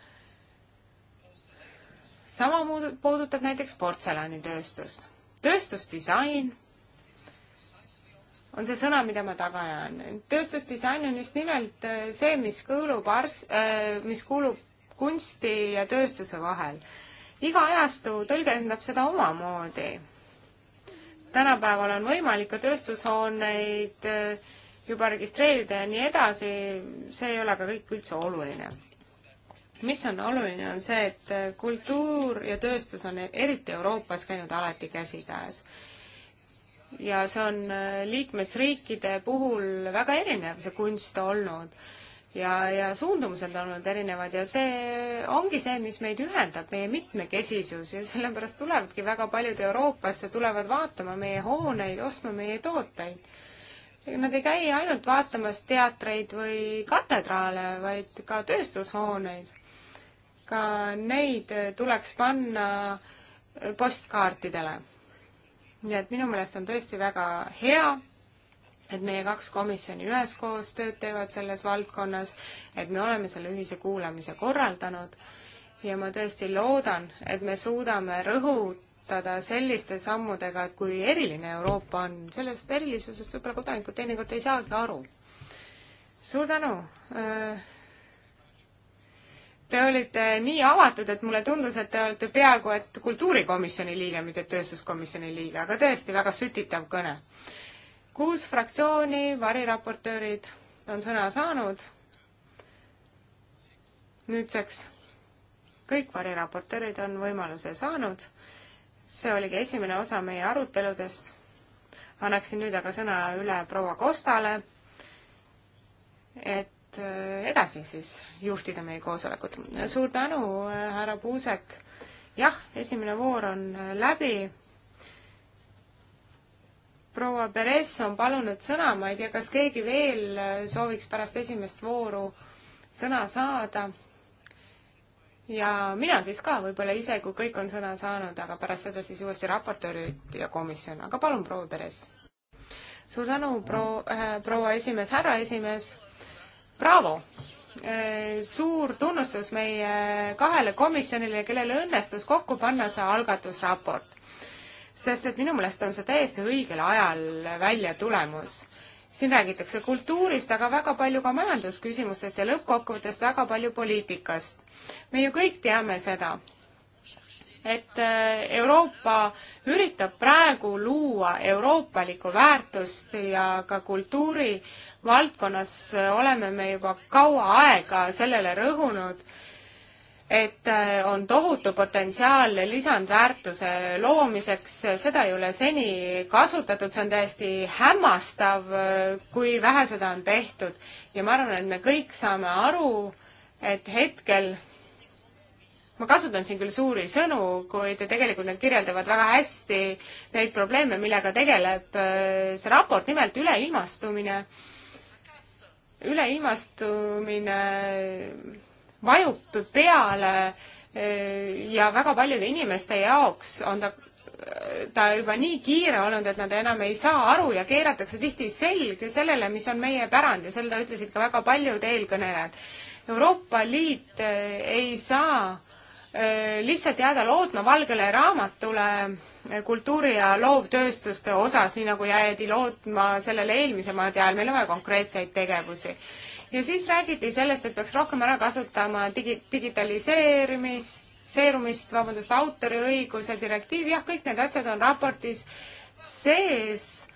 sama puudutab näiteks portselanitööstust. tööstusdisain on see sõna, mida ma taga ajan. tööstusdisain on just nimelt äh, see, mis kuulub ars- äh,, mis kuulub kunsti ja tööstuse vahel. iga ajastu tõlgendab seda omamoodi. tänapäeval on võimalik ka tööstushooneid äh, juba registreerida ja nii edasi, see ei ole aga kõik üldse oluline. mis on oluline, on see, et äh, kultuur ja tööstus on eriti Euroopas käinud alati käsikäes ja see on äh, liikmesriikide puhul väga erinev, see kunst olnud. ja, ja suundumused on olnud erinevad ja see ongi see, mis meid ühendab, meie mitmekesisus ja sellepärast tulevadki väga paljud Euroopasse, tulevad vaatama meie hooneid, ostma meie tooteid. Nad ei käi ainult vaatamas teatreid või katedraale, vaid ka tööstushooneid. ka neid äh, tuleks panna äh, postkaartidele nii et minu meelest on tõesti väga hea, et meie kaks komisjoni üheskoos tööd teevad selles valdkonnas, et me oleme selle ühise kuulamise korraldanud ja ma tõesti loodan, et me suudame rõhutada selliste sammudega, et kui eriline Euroopa on, sellest erilisusest võib-olla kodanikud teinekord ei saagi aru. suur tänu äh,! Te olite nii avatud, et mulle tundus, et te olete peaaegu et kultuurikomisjoni liige, mitte tööstuskomisjoni liige, aga tõesti väga sütitav kõne. kuus fraktsiooni, variraportöörid on sõna saanud. nüüdseks kõik variraportöörid on võimaluse saanud. see oligi esimene osa meie aruteludest. annaksin nüüd aga sõna üle proua Kostale, et et äh, edasi siis juhtida meie koosolekut. suur tänu, äh, härra Puusek. jah, esimene voor on äh, läbi. proua Perez on palunud sõna, ma ei tea, kas keegi veel sooviks pärast esimest vooru sõna saada. ja mina siis ka võib-olla ise, kui kõik on sõna saanud, aga pärast seda siis uuesti raportöörid ja komisjon, aga palun, proua Perez suur tänu pro,, proua esimees, härra esimees braavo! Äh, suur tunnustus meie kahele komisjonile, kellel õnnestus kokku panna see algatusraport. sest et minu meelest on see täiesti õigel ajal välja tulemus siin räägitakse kultuurist, aga väga palju ka majandusküsimustest ja lõppkokkuvõttes väga palju poliitikast. me ju kõik teame seda, et äh, Euroopa üritab praegu luua euroopalikku väärtust ja ka kultuuri valdkonnas äh, oleme me juba kaua aega sellele rõhunud, et äh, on tohutu potentsiaal lisandväärtuse loomiseks, seda ei ole seni kasutatud, see on täiesti hämmastav, kui vähe seda on tehtud. ja ma arvan, et me kõik saame aru, et hetkel ma kasutan siin küll suuri sõnu, kuid tegelikult need kirjeldavad väga hästi neid probleeme, millega tegeleb äh, see raport, nimelt üleilmastumine. üleilmastumine vajub peale äh, ja väga paljude inimeste jaoks on ta ta juba nii kiire olnud, et nad enam ei saa aru ja keeratakse tihti selg sellele, mis on meie pärand ja seda ütlesid ka väga paljud eelkõnelejad. Euroopa Liit äh, ei saa Äh, lihtsalt jääda lootma valgele raamatule äh, kultuuri- ja loovtööstuste osas, nii nagu jäädi lootma sellele eelmise maade ajal, meil on vaja konkreetseid tegevusi. ja siis räägiti sellest, et peaks rohkem ära kasutama digi-, digitaliseerimist, serumist, vabandust, autoriõiguse direktiiv, jah, kõik need asjad on raportis sees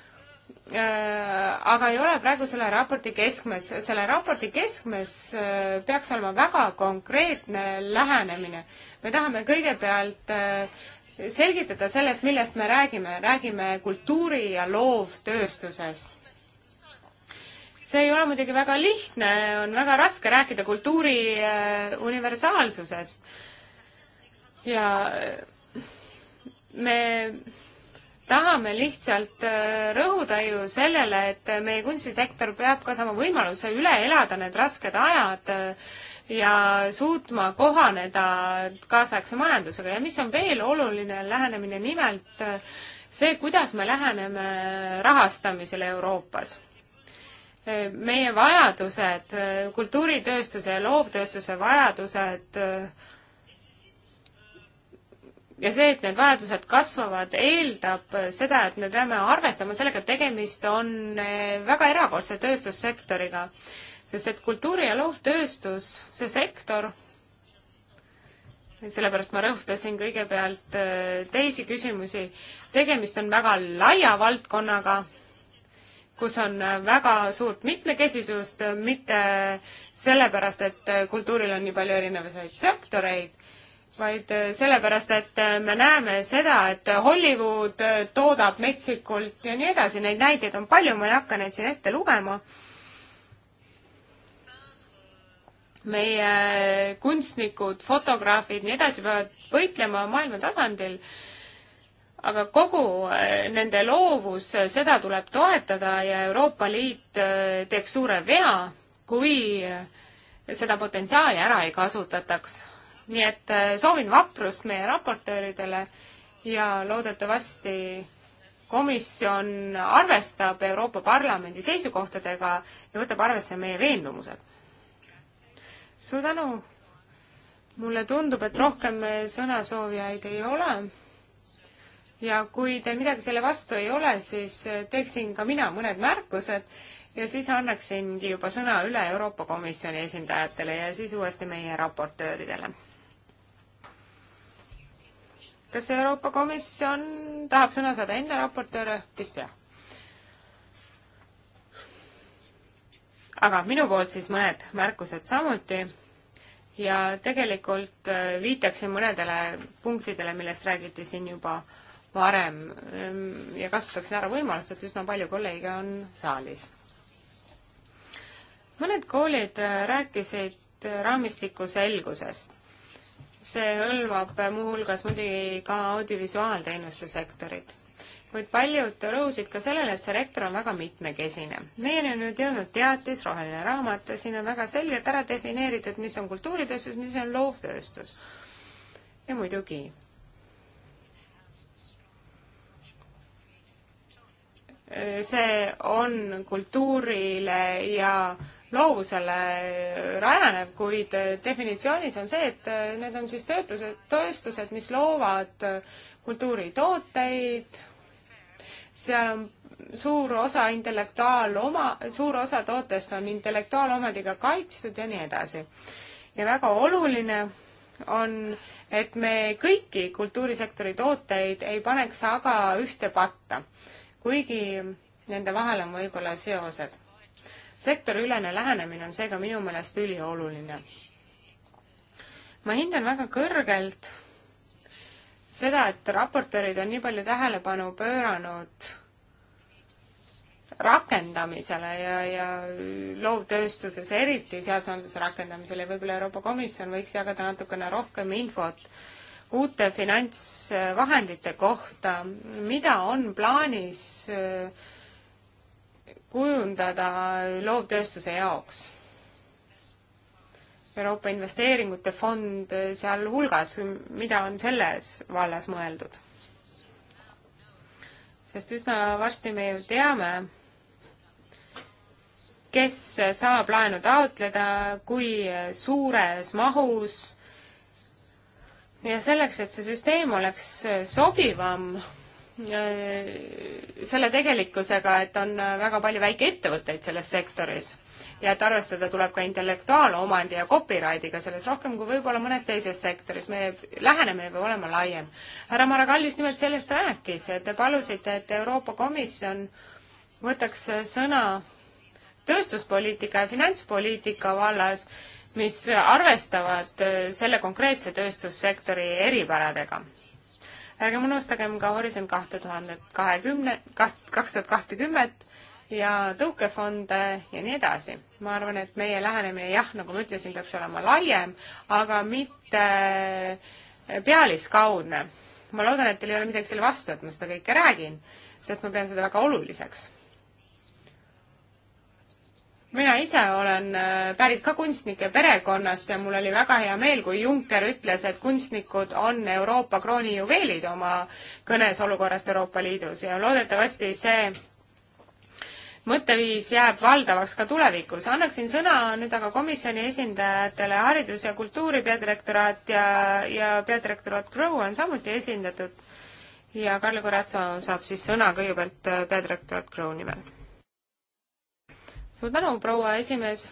äh, aga ei ole praegu selle raporti keskmes. selle raporti keskmes peaks olema väga konkreetne lähenemine me tahame kõigepealt äh, selgitada sellest, millest me räägime, räägime kultuuri- ja loovtööstusest. see ei ole muidugi väga lihtne, on väga raske rääkida kultuuri äh, universaalsusest. ja äh, me tahame lihtsalt rõhuda ju sellele, et meie kunstisektor peab ka saama võimaluse üle elada need rasked ajad ja suutma kohaneda kaasaegse majandusega ja mis on veel oluline lähenemine, nimelt äh, see, kuidas me läheneme rahastamisele Euroopas äh, meie vajadused, äh, kultuuritööstuse ja loovtööstuse vajadused ja see, et need vajadused kasvavad, eeldab seda, et me peame arvestama sellega, et tegemist on väga erakordse tööstussektoriga sest et kultuuri- ja loovtööstus, see sektor, sellepärast ma rõhutasin kõigepealt äh, teisi küsimusi, tegemist on väga laia valdkonnaga, kus on äh, väga suurt mitmekesisust, äh, mitte sellepärast, et kultuuril on nii palju erinevaid sektoreid, vaid sellepärast, et me näeme seda, et Hollywood toodab metsikult ja nii edasi, neid näiteid on palju, ma ei hakka neid siin ette lugema meie kunstnikud, fotograafid, nii edasi peavad võitlema maailma tasandil. aga kogu eh, nende loovus, eh, seda tuleb toetada ja Euroopa Liit eh, teeks suure vea, kui seda potentsiaali ära ei kasutataks. nii et soovin vaprust meie raportööridele ja loodetavasti komisjon arvestab Euroopa Parlamendi seisukohtadega ja võtab arvesse meie veendumused suur tänu! mulle tundub, et rohkem sõnasoovijaid ei ole. ja kui teil midagi selle vastu ei ole, siis teeksin ka mina mõned märkused ja siis annaksingi juba sõna üle Euroopa Komisjoni esindajatele ja siis uuesti meie raportööridele. kas Euroopa Komisjon tahab sõna saada enne raportööre? vist jah. aga minu poolt siis mõned märkused samuti ja tegelikult äh, viitaksin mõnedele punktidele, millest räägiti siin juba varem ähm, ja kasutaksin ära võimalust, et üsna palju kolleege on saalis. mõned koolid äh, rääkisid äh, raamistiku selgusest. see hõlmab muuhulgas muidugi ka audiovisuaalteenuste sektorit kuid paljud rõhusid ka sellele, et see rektor on väga mitmekesine. meieni on nüüd jõudnud teatis, roheline raamat ja siin on väga selgelt ära defineeritud, mis on kultuuritööstus, mis on loovtööstus. ja muidugi see on kultuurile ja loovusele rajanev, kuid definitsioonis on see, et need on siis töötused, tööstused, mis loovad kultuuritooteid, seal on suur osa intellektuaaloma, suur osa tootest on intellektuaalomandiga kaitstud ja nii edasi. ja väga oluline on, et me kõiki kultuurisektori tooteid ei paneks aga ühte patta, kuigi nende vahel on võib-olla seosed. sektoriülene lähenemine on seega minu meelest ülioluline. ma hindan väga kõrgelt seda, et raportöörid on nii palju tähelepanu pööranud rakendamisele ja, ja loovtööstuses eriti seadusandluse rakendamisele ja võib-olla Euroopa Komisjon võiks jagada natukene rohkem infot uute finantsvahendite kohta, mida on plaanis äh, kujundada loovtööstuse jaoks Euroopa Investeeringute Fond sealhulgas, mida on selles vallas mõeldud? sest üsna varsti me ju teame, kes saab laenu taotleda, kui suures mahus ja selleks, et see süsteem oleks sobivam selle tegelikkusega, et on väga palju väikeettevõtteid selles sektoris ja et arvestada tuleb ka intellektuaalomandi ja copyrightiga selles rohkem kui võib-olla mõnes teises sektoris. meie lähenemine peab olema laiem. härra Maragallis nimelt sellest rääkis, et te palusite, et Euroopa Komisjon võtaks sõna tööstuspoliitika ja finantspoliitika vallas, mis arvestavad selle konkreetse tööstussektori eripäradega ärgem unustagem ka Horisont kahte tuhandet kahekümne, kaht, kaks tuhat kahtekümmet ja tõukefonde ja nii edasi. ma arvan, et meie lähenemine jah, nagu ma ütlesin, peaks olema laiem, aga mitte eh, pealiskaudne. ma loodan, et teil ei ole midagi selle vastu, et ma seda kõike räägin, sest ma pean seda väga oluliseks. mina ise olen eh, pärit ka kunstnike perekonnast ja mul oli väga hea meel, kui Juncker ütles, et kunstnikud on Euroopa kroonijuveelid oma kõnes olukorrast Euroopa Liidus ja loodetavasti see mõtteviis jääb valdavaks ka tulevikus. annaksin sõna nüüd aga komisjoni esindajatele, Haridus- ja Kultuuri peadirektoraat ja, ja peadirektoraat Grow on samuti esindatud ja Karl Kuratso saab siis sõna kõigepealt äh, peadirektoraat Grow nimel. suur tänu, proua esimees!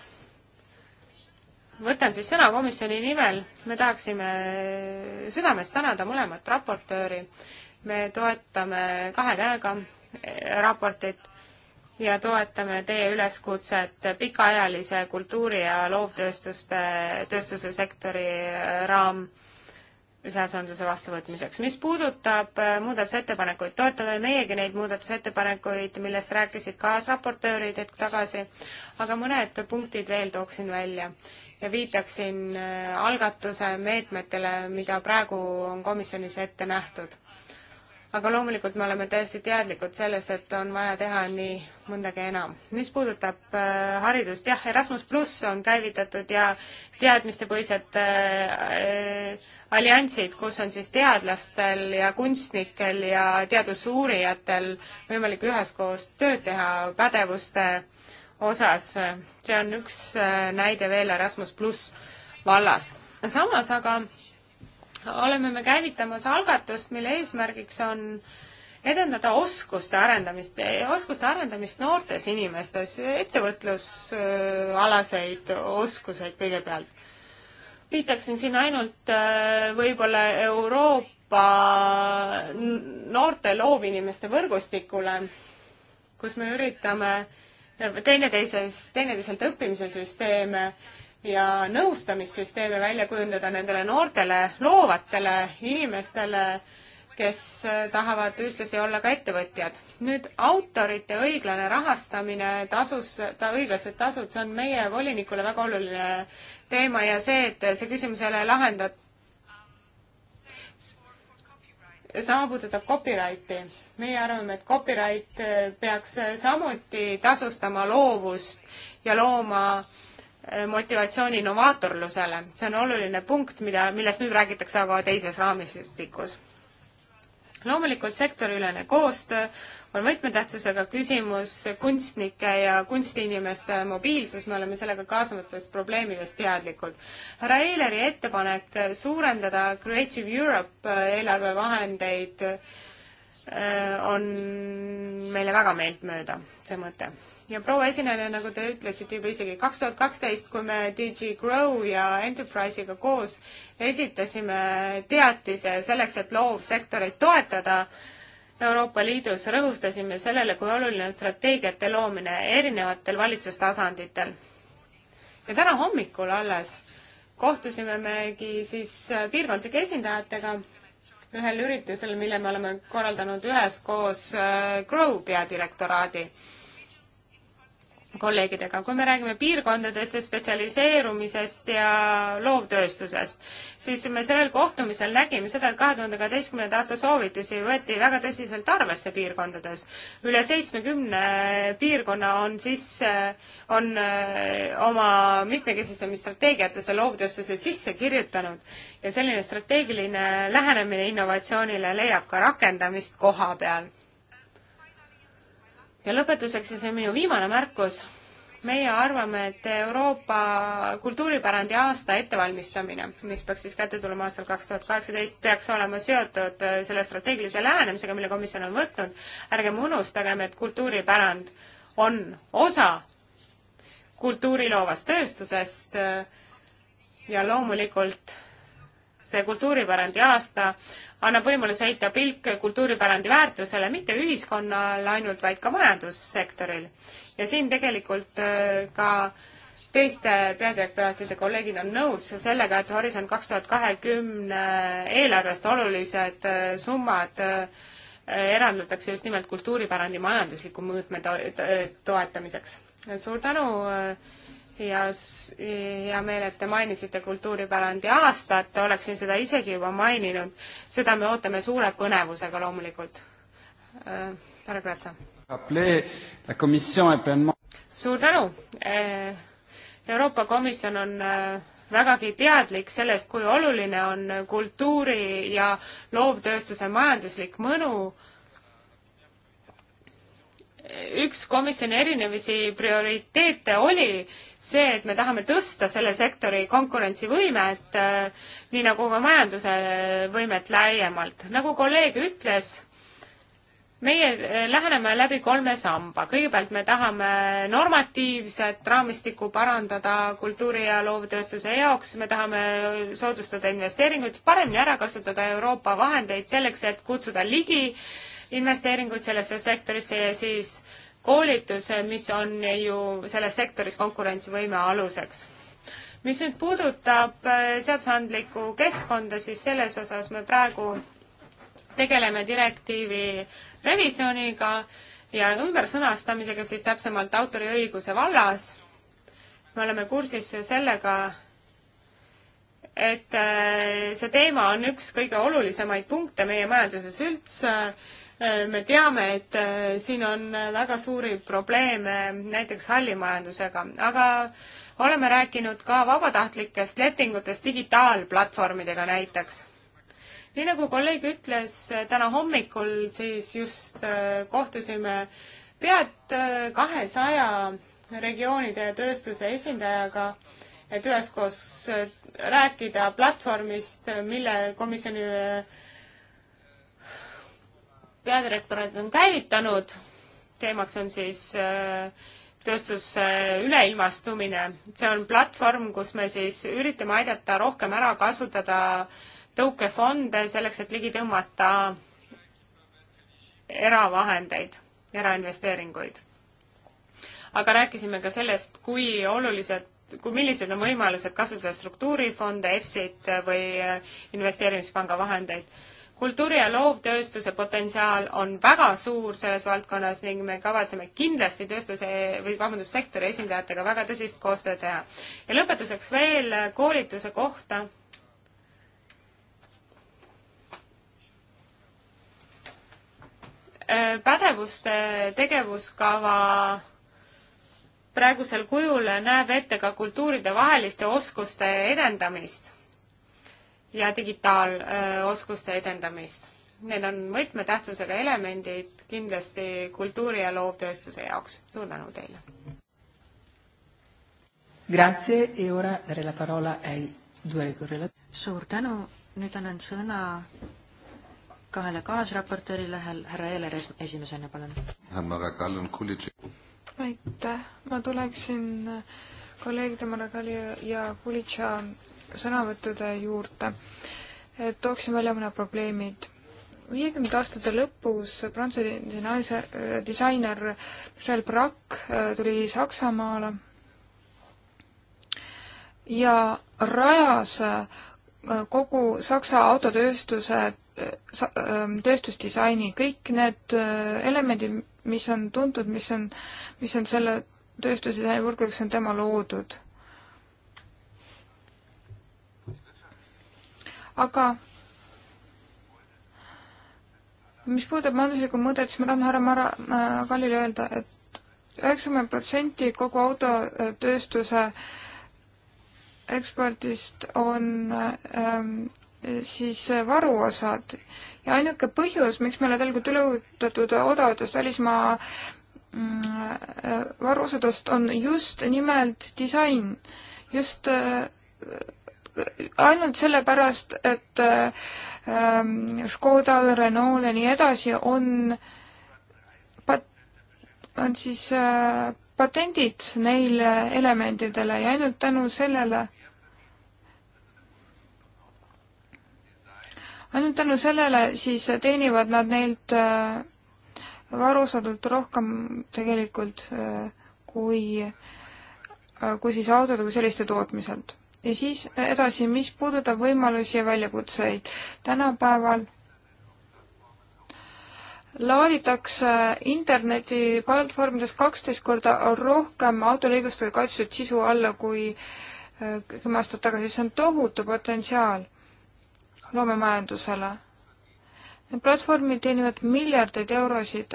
võtan siis sõna komisjoni nimel, me tahaksime südamest tänada mõlemat raportööri, me toetame kahe käega äh, raportit ja toetame teie üleskutset pikaajalise kultuuri- ja loovtööstuste, tööstuse sektori äh, raam seadusandluse vastuvõtmiseks. mis puudutab äh, muudatusettepanekuid, toetame meiegi neid muudatusettepanekuid, millest rääkisid kaasraportöörid hetk tagasi, aga mõned punktid veel tooksin välja ja viitaksin äh, algatuse meetmetele, mida praegu on komisjonis ette nähtud aga loomulikult me oleme täiesti teadlikud sellest, et on vaja teha nii mõndagi enam. mis puudutab äh, haridust, jah, Erasmus pluss on käivitatud ja teadmistepõhised äh, äh, alliansid, kus on siis teadlastel ja kunstnikel ja teadusuurijatel võimalik üheskoos tööd teha pädevuste osas. see on üks äh, näide veel Erasmus pluss vallast. samas aga oleme me käivitamas algatust, mille eesmärgiks on edendada oskuste arendamist, oskuste arendamist noortes inimestes, ettevõtlusalaseid oskuseid kõigepealt. viitaksin siin ainult äh, võib-olla Euroopa noorte loovinimeste võrgustikule, kus me üritame teineteisest, teineteiselt õppimise süsteeme ja nõustamissüsteeme välja kujundada nendele noortele loovatele inimestele, kes äh, tahavad ühtlasi olla ka ettevõtjad. nüüd autorite õiglane rahastamine, tasus, ta õiglased tasud, see on meie volinikule väga oluline teema ja see, et see küsimus ei ole lahendatud sama puudutab copyrighti. meie arvame, et copyright äh, peaks äh, samuti tasustama loovust ja looma äh, motivatsiooni novaatorlusele, see on oluline punkt, mida, millest nüüd räägitakse aga teises raamistikus. loomulikult sektoriülene koostöö on võtmetähtsusega küsimus, kunstnike ja kunstiinimeste mobiilsus, me oleme sellega kaasnevatest probleemidest teadlikud. härra Eileri ettepanek suurendada Creative Europe eelarvevahendeid äh, on meile väga meeltmööda, see mõte ja proua esineja, nagu te ütlesite juba isegi kaks tuhat kaksteist, kui me DG Grow ja Enterprise'iga koos esitasime teatise selleks, et loovsektorit toetada, Euroopa Liidus rõhustasime sellele, kui oluline on strateegiate loomine erinevatel valitsustasanditel. ja täna hommikul alles kohtusime megi siis piirkondlike esindajatega ühel üritusel, mille me oleme korraldanud üheskoos äh, Grow peadirektoraadi kolleegidega, kui me räägime piirkondadest ja spetsialiseerumisest ja loovtööstusest, siis me sellel kohtumisel nägime seda, et kahe tuhande kaheteistkümnenda aasta soovitusi võeti väga tõsiselt arvesse piirkondades. üle seitsmekümne piirkonna on siis, on äh, oma mitmekesistamisstrateegiatesse loovtööstuse sisse kirjutanud ja selline strateegiline lähenemine innovatsioonile leiab ka rakendamist koha peal ja lõpetuseks, ja see on minu viimane märkus, meie arvame, et Euroopa kultuuripärandi aasta ettevalmistamine, mis peaks siis kätte tulema aastal kaks tuhat kaheksateist, peaks olema seotud äh, selle strateegilise lähenemisega, mille komisjon on võtnud. ärgem unustagem, et kultuuripärand on osa kultuuriloovast tööstusest äh, ja loomulikult see kultuuripärandi aasta annab võimaluse heita pilk kultuuripärandi väärtusele mitte ühiskonnal ainult, vaid ka majandussektoril. ja siin tegelikult äh, ka teiste peadirektoraatide kolleegid on nõus sellega, et Horisont kaks tuhat kahekümne eelarvest olulised äh, summad äh, eraldatakse just nimelt kultuuripärandi majandusliku mõõtme toetamiseks. suur tänu äh, ja hea meel, et te mainisite kultuuripärandi aastat, oleksin seda isegi juba maininud. seda me ootame suure põnevusega loomulikult äh,. härra Kratsa. suur tänu äh,. Euroopa Komisjon on äh, vägagi teadlik sellest, kui oluline on kultuuri ja loovtööstuse majanduslik mõnu üks komisjoni erinevusi prioriteete oli see, et me tahame tõsta selle sektori konkurentsivõimet, äh, nii nagu ka majanduse võimet laiemalt. nagu kolleeg ütles, meie äh, läheneme läbi kolme samba. kõigepealt me tahame normatiivset raamistikku parandada kultuuri- ja loovtööstuse jaoks, me tahame soodustada investeeringuid, paremini ära kasutada Euroopa vahendeid selleks, et kutsuda ligi äh, investeeringuid sellesse sektorisse ja siis koolitus, mis on ju selles sektoris konkurentsivõime aluseks. mis nüüd puudutab äh, seadusandlikku keskkonda, siis selles osas me praegu tegeleme direktiivi revisjoniga ja ümbersõnastamisega siis täpsemalt autoriõiguse vallas. me oleme kursis sellega, et äh, see teema on üks kõige olulisemaid punkte meie majanduses üldse me teame, et äh, siin on äh, väga suuri probleeme näiteks hallimajandusega, aga oleme rääkinud ka vabatahtlikest lepingutest digitaalplatvormidega näiteks. nii nagu kolleeg ütles, äh, täna hommikul siis just kohtusime pead kahesaja regioonide ja tööstuse esindajaga, et üheskoos rääkida platvormist, mille komisjoni peadirektorid on käivitanud. teemaks on siis äh, tööstuse äh, üleilmastumine. see on platvorm, kus me siis üritame aidata rohkem ära kasutada tõukefonde selleks, et ligi tõmmata eravahendeid, erainvesteeringuid. aga rääkisime ka sellest, kui olulised kui millised on võimalused kasutada struktuurifonde, EFSit või äh, investeerimispanga vahendeid kultuuri- ja loovtööstuse potentsiaal on väga suur selles valdkonnas ning me kavatseme kindlasti tööstuse või vabandust, sektori esindajatega väga tõsist koostööd teha. ja lõpetuseks veel koolituse kohta äh, pädevuste tegevuskava praegusel kujul näeb ette ka kultuuridevaheliste oskuste edendamist ja digitaaloskuste edendamist. Need on võtmetähtsusega elemendid kindlasti kultuuri- ja loovtööstuse jaoks. suur tänu teile! Grazie e ora dare la parola ai due relatori. suur tänu, nüüd annan sõna kahele kaasraportöörile, härra Eeler esimesena, palun. aitäh, ma tuleksin kolleegide Maragali ja Kulitša sõnavõttude juurde, et tooksin välja mõned probleemid. viiekümnendate aastate lõpus Prantsuse disainer, disainer Michel Braque äh, tuli Saksamaale ja rajas äh, kogu Saksa autotööstuse, äh, ähm, tööstusdisaini, kõik need elemendid, mis on tuntud, mis on, mis on selle tööstusdisaini purguks, on tema loodud. aga mis puudutab majanduslikku mõõdet, siis ma tahan härra Mara äh, Kallile öelda, et üheksakümmend protsenti kogu autotööstuse ekspordist on ähm, siis varuosad ja ainuke põhjus, miks meile tegelikult üle ujutatud odavatest välismaa mm, äh, varuosadest on just nimelt disain, just äh, ainult sellepärast, et ähm, Škodal, Renault ja nii edasi on pat-, on siis äh, patendid neile elementidele ja ainult tänu sellele, ainult tänu sellele siis teenivad nad neilt äh, varusadelt rohkem tegelikult äh, kui äh,, kui siis autode kui selliste tootmiselt ja siis edasi, mis puudutab võimalusi ja väljakutseid. tänapäeval laaditakse internetiplatvormides kaksteist korda rohkem autoriõigustega kaitstud sisu alla kui äh, kümme aastat tagasi, see on tohutu potentsiaal loomemajandusele. Need platvormid teenivad miljardeid eurosid,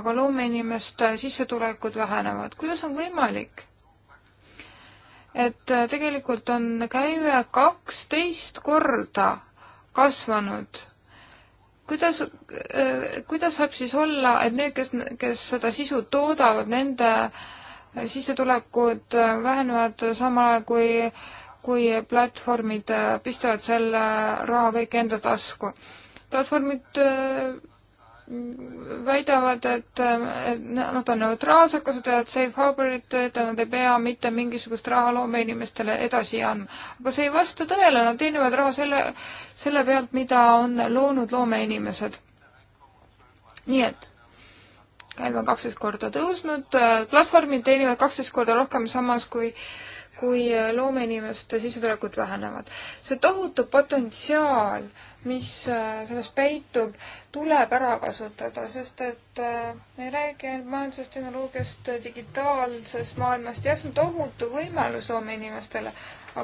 aga loomeinimeste sissetulekud vähenevad. kuidas on võimalik, et äh, tegelikult on käive kaksteist korda kasvanud. kuidas, äh, kuidas saab siis olla, et need, kes, kes seda sisu toodavad, nende äh, sissetulekud vähenevad samal ajal kui, kui platvormid pistavad selle raha kõik enda tasku. platvormid väidavad, et, et nad on neutraalsed, kasutavad safe harborit, et nad ei pea mitte mingisugust raha loomeinimestele edasi andma. aga see ei vasta tõele, nad teenivad raha selle, selle pealt, mida on loonud loomeinimesed. nii et käive on kaksteist korda tõusnud, platvormid teenivad kaksteist korda rohkem, samas kui äh, kui loomeinimeste sissetulekud vähenevad. see tohutu potentsiaal, mis äh, selles peitub, tuleb ära kasutada, sest et äh, me ei räägi ainult majandusest, tehnoloogiast, digitaalsest maailmast, jah, see on tohutu võimalus loomeinimestele,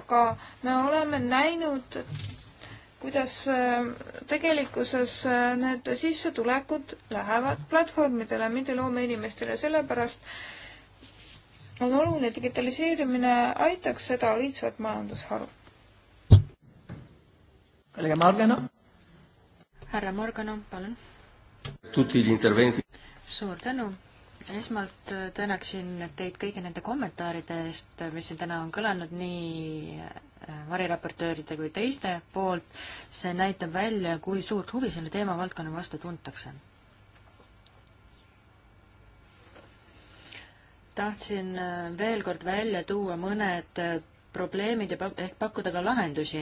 aga me oleme näinud, kuidas äh, tegelikkuses need sissetulekud lähevad platvormidele, mitte loomeinimestele, sellepärast on oluline, digitaliseerimine aitaks seda õitsvat majandusharu. kolleeg Morgano. härra Morgano, palun. suur tänu. esmalt äh, tänaksin teid kõigi nende kommentaaride eest, mis siin täna on kõlanud nii äh, variraportööride kui teiste poolt. see näitab välja, kui suurt huvi selle teemavaldkonna vastu tuntakse tahtsin äh, veel kord välja tuua mõned äh, probleemid ja pak-, ehk pakkuda ka lahendusi.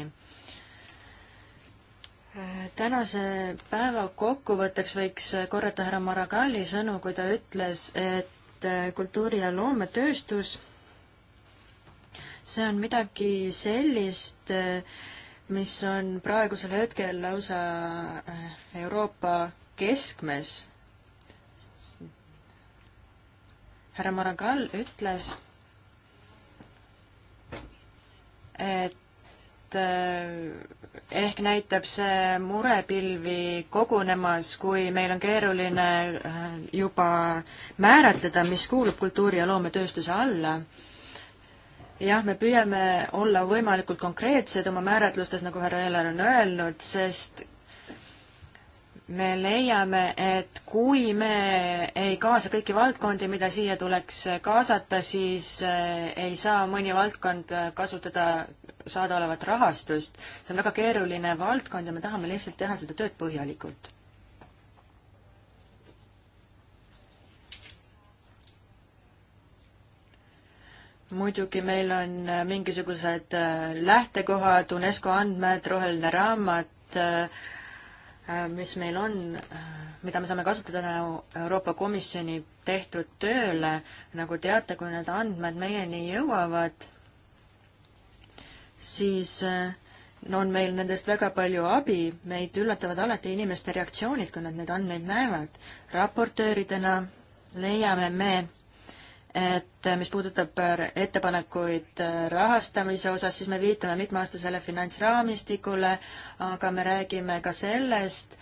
Äh, tänase päeva kokkuvõtteks võiks korrata härra Maragalli sõnu, kui ta ütles, et kultuuri- ja loometööstus, see on midagi sellist, mis on praegusel hetkel lausa Euroopa keskmes härra Maragall ütles, et eh, ehk näitab see murepilvi kogunemas, kui meil on keeruline eh, juba määratleda, mis kuulub kultuuri- ja loometööstuse alla. jah, me püüame olla võimalikult konkreetsed oma määratlustes, nagu härra Eelar on öelnud, sest me leiame, et kui me ei kaasa kõiki valdkondi, mida siia tuleks kaasata, siis eh, ei saa mõni valdkond kasutada saadaolevat rahastust. see on väga keeruline valdkond ja me tahame lihtsalt teha seda tööd põhjalikult. muidugi meil on mingisugused eh, lähtekohad, UNESCO andmed, roheline raamat, eh, Äh, mis meil on, äh, mida me saame kasutada tänu nagu Euroopa Komisjoni tehtud tööle, nagu teate, kui need andmed meieni jõuavad, siis no äh, on meil nendest väga palju abi, meid üllatavad alati inimeste reaktsioonid, kui nad neid andmeid näevad. raportööridena leiame me, et äh, mis puudutab äh, ettepanekuid äh, rahastamise osas, siis me viitame mitmeaastasele finantsraamistikule, aga me räägime ka sellest,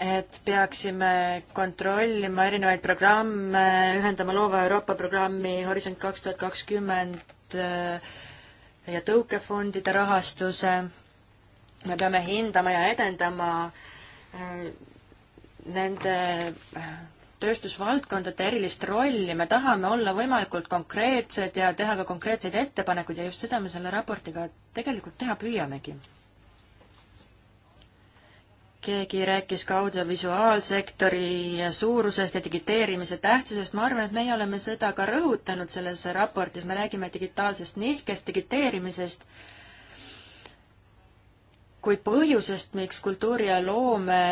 et peaksime kontrollima erinevaid programme, ühendama loova Euroopa programmi Horisont kaks tuhat kakskümmend ja tõukefondide rahastuse. me peame hindama ja edendama nende tööstusvaldkondade erilist rolli, me tahame olla võimalikult konkreetsed ja teha ka konkreetseid ettepanekuid ja just seda me selle raportiga tegelikult teha püüamegi. keegi rääkis ka audiovisuaalsektori suurusest ja digiteerimise tähtsusest, ma arvan, et meie oleme seda ka rõhutanud selles raportis, me räägime digitaalsest nihkest, digiteerimisest, kuid põhjusest, miks kultuuri ja loome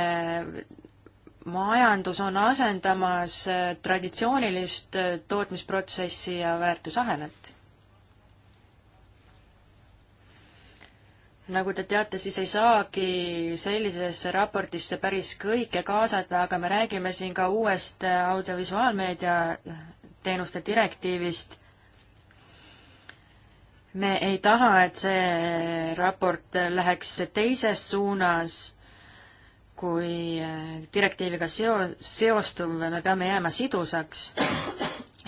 majandus on asendamas eh, traditsioonilist eh, tootmisprotsessi ja väärtusahelat. nagu te teate, siis ei saagi sellisesse raportisse päris kõike kaasata, aga me räägime siin ka uuest eh, audiovisuaalmeedia teenuste direktiivist. me ei taha, et see raport läheks teises suunas kui äh, direktiiviga seo-, seostuv me peame jääma sidusaks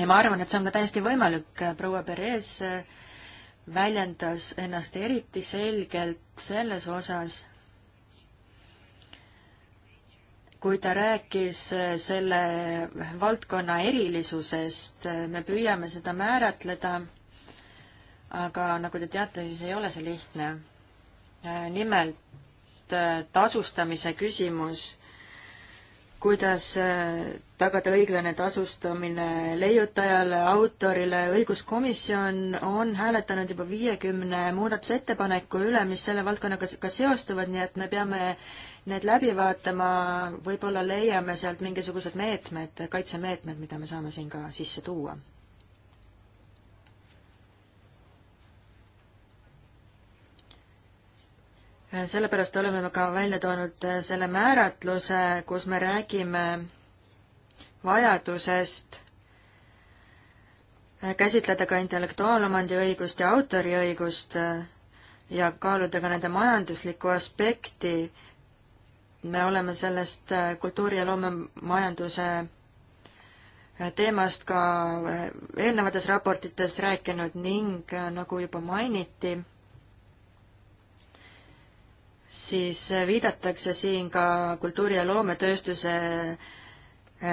ja ma arvan, et see on ka täiesti võimalik, proua Perez äh, väljendas ennast eriti selgelt selles osas, kui ta rääkis äh, selle valdkonna erilisusest, me püüame seda määratleda, aga nagu te teate, siis ei ole see lihtne. nimelt Äh, tasustamise küsimus, kuidas äh, tagada õiglane tasustamine leiutajale, autorile, õiguskomisjon on hääletanud juba viiekümne muudatusettepaneku üle, mis selle valdkonnaga ka seostuvad, nii et me peame need läbi vaatama, võib-olla leiame sealt mingisugused meetmed, kaitsemeetmed, mida me saame siin ka sisse tuua sellepärast oleme me ka välja toonud äh, selle määratluse, kus me räägime vajadusest äh, käsitleda ka intellektuaalomandi õigust ja autoriõigust äh, ja kaaluda ka nende majanduslikku aspekti. me oleme sellest kultuuri- ja loomemajanduse teemast ka eelnevates raportites rääkinud ning nagu juba mainiti, siis viidatakse siin ka kultuuri- ja loometööstuse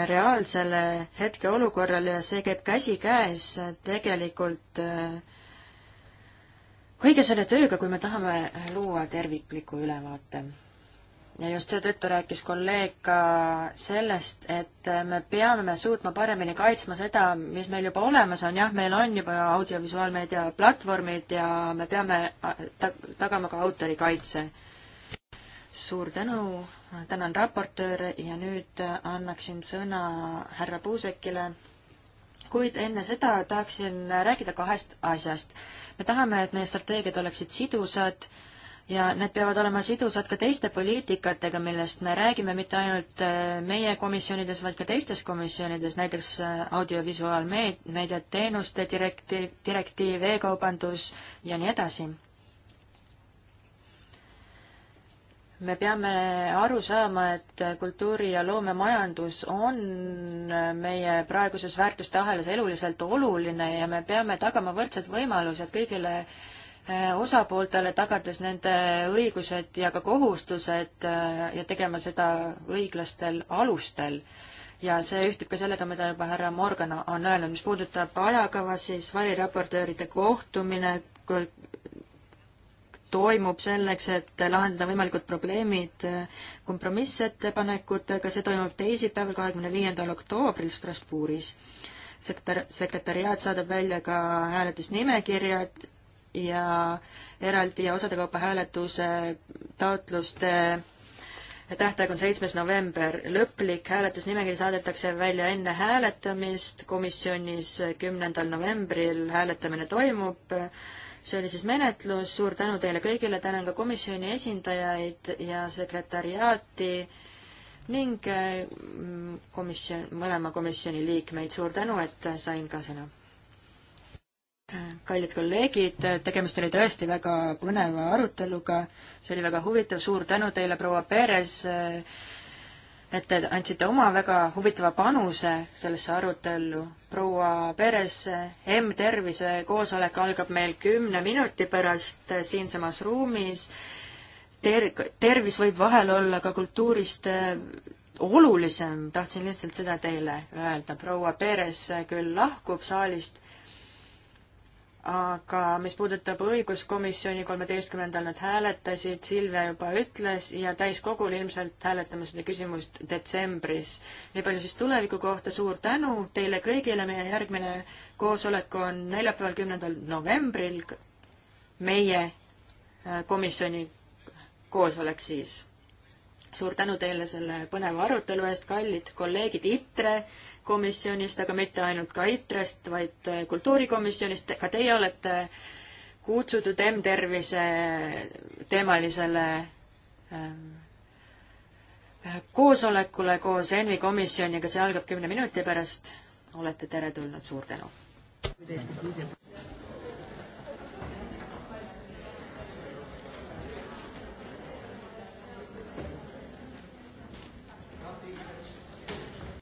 reaalsele hetkeolukorrale ja see käib käsikäes tegelikult äh, kõige selle tööga, kui me tahame luua tervikliku ülevaate. ja just seetõttu rääkis kolleeg ka sellest, et me peame suutma paremini kaitsma seda, mis meil juba olemas on, jah, meil on juba audiovisuaalmeedia platvormid ja me peame äh, tagama ka autorikaitse suur tänu, tänan raportööre ja nüüd annaksin sõna härra Puusekile. kuid enne seda tahaksin rääkida kahest asjast. me tahame, et meie strateegiad oleksid sidusad ja need peavad olema sidusad ka teiste poliitikatega, millest me räägime mitte ainult äh, meie komisjonides, vaid ka teistes komisjonides, näiteks äh, audiovisuaalmeediat, teenuste direktiiv, direktiiv e, e-kaubandus ja nii edasi me peame aru saama, et kultuuri- ja loomemajandus on meie praeguses väärtuste ahelas eluliselt oluline ja me peame tagama võrdsed võimalused kõigile eh, osapooltele, tagades nende õigused ja ka kohustused eh, ja tegema seda õiglastel alustel. ja see ühtib ka sellega, mida juba härra Morgan on öelnud, mis puudutab ajakava, siis variraportööride kohtumine toimub selleks, et lahendada võimalikud probleemid kompromissettepanekutega, see toimub teisipäeval, kahekümne viiendal oktoobril Strasbourgis. Sekretär-, sekretäriaat saadab välja ka hääletusnimekirjad ja eraldi ja osade kaupa hääletuse taotluste tähtaeg on seitsmes november, lõplik hääletusnimekiri saadetakse välja enne hääletamist, komisjonis kümnendal novembril hääletamine toimub see oli siis menetlus, suur tänu teile kõigile, tänan ka komisjoni esindajaid ja sekretariaati ning mm, komisjon, mõlema komisjoni liikmeid, suur tänu, et sain ka sõna. kallid kolleegid, tegemist oli tõesti väga põneva aruteluga, see oli väga huvitav, suur tänu teile, proua Peres, et te andsite oma väga huvitava panuse sellesse arutellu. proua Peres, M-tervise koosolek algab meil kümne minuti pärast siinsamas ruumis. Ter-, tervis võib vahel olla ka kultuurist äh, olulisem, tahtsin lihtsalt seda teile öelda. proua Peres küll lahkub saalist aga mis puudutab õiguskomisjoni, kolmeteistkümnendal nad hääletasid, Silvia juba ütles, ja täiskogul ilmselt hääletame seda küsimust detsembris. nii palju siis tuleviku kohta, suur tänu teile kõigile, meie järgmine koosolek on neljapäeval, kümnendal novembril, meie äh, komisjoni koosolek siis. suur tänu teile selle põneva arutelu eest, kallid kolleegid ITRE komisjonist, aga mitte ainult ka ITRE-st, vaid äh, kultuurikomisjonist, ka teie olete kutsutud M-tervise teemalisele ähm, äh, koosolekule koos ENVI komisjoniga, see algab kümne minuti pärast. olete teretulnud, suur tänu!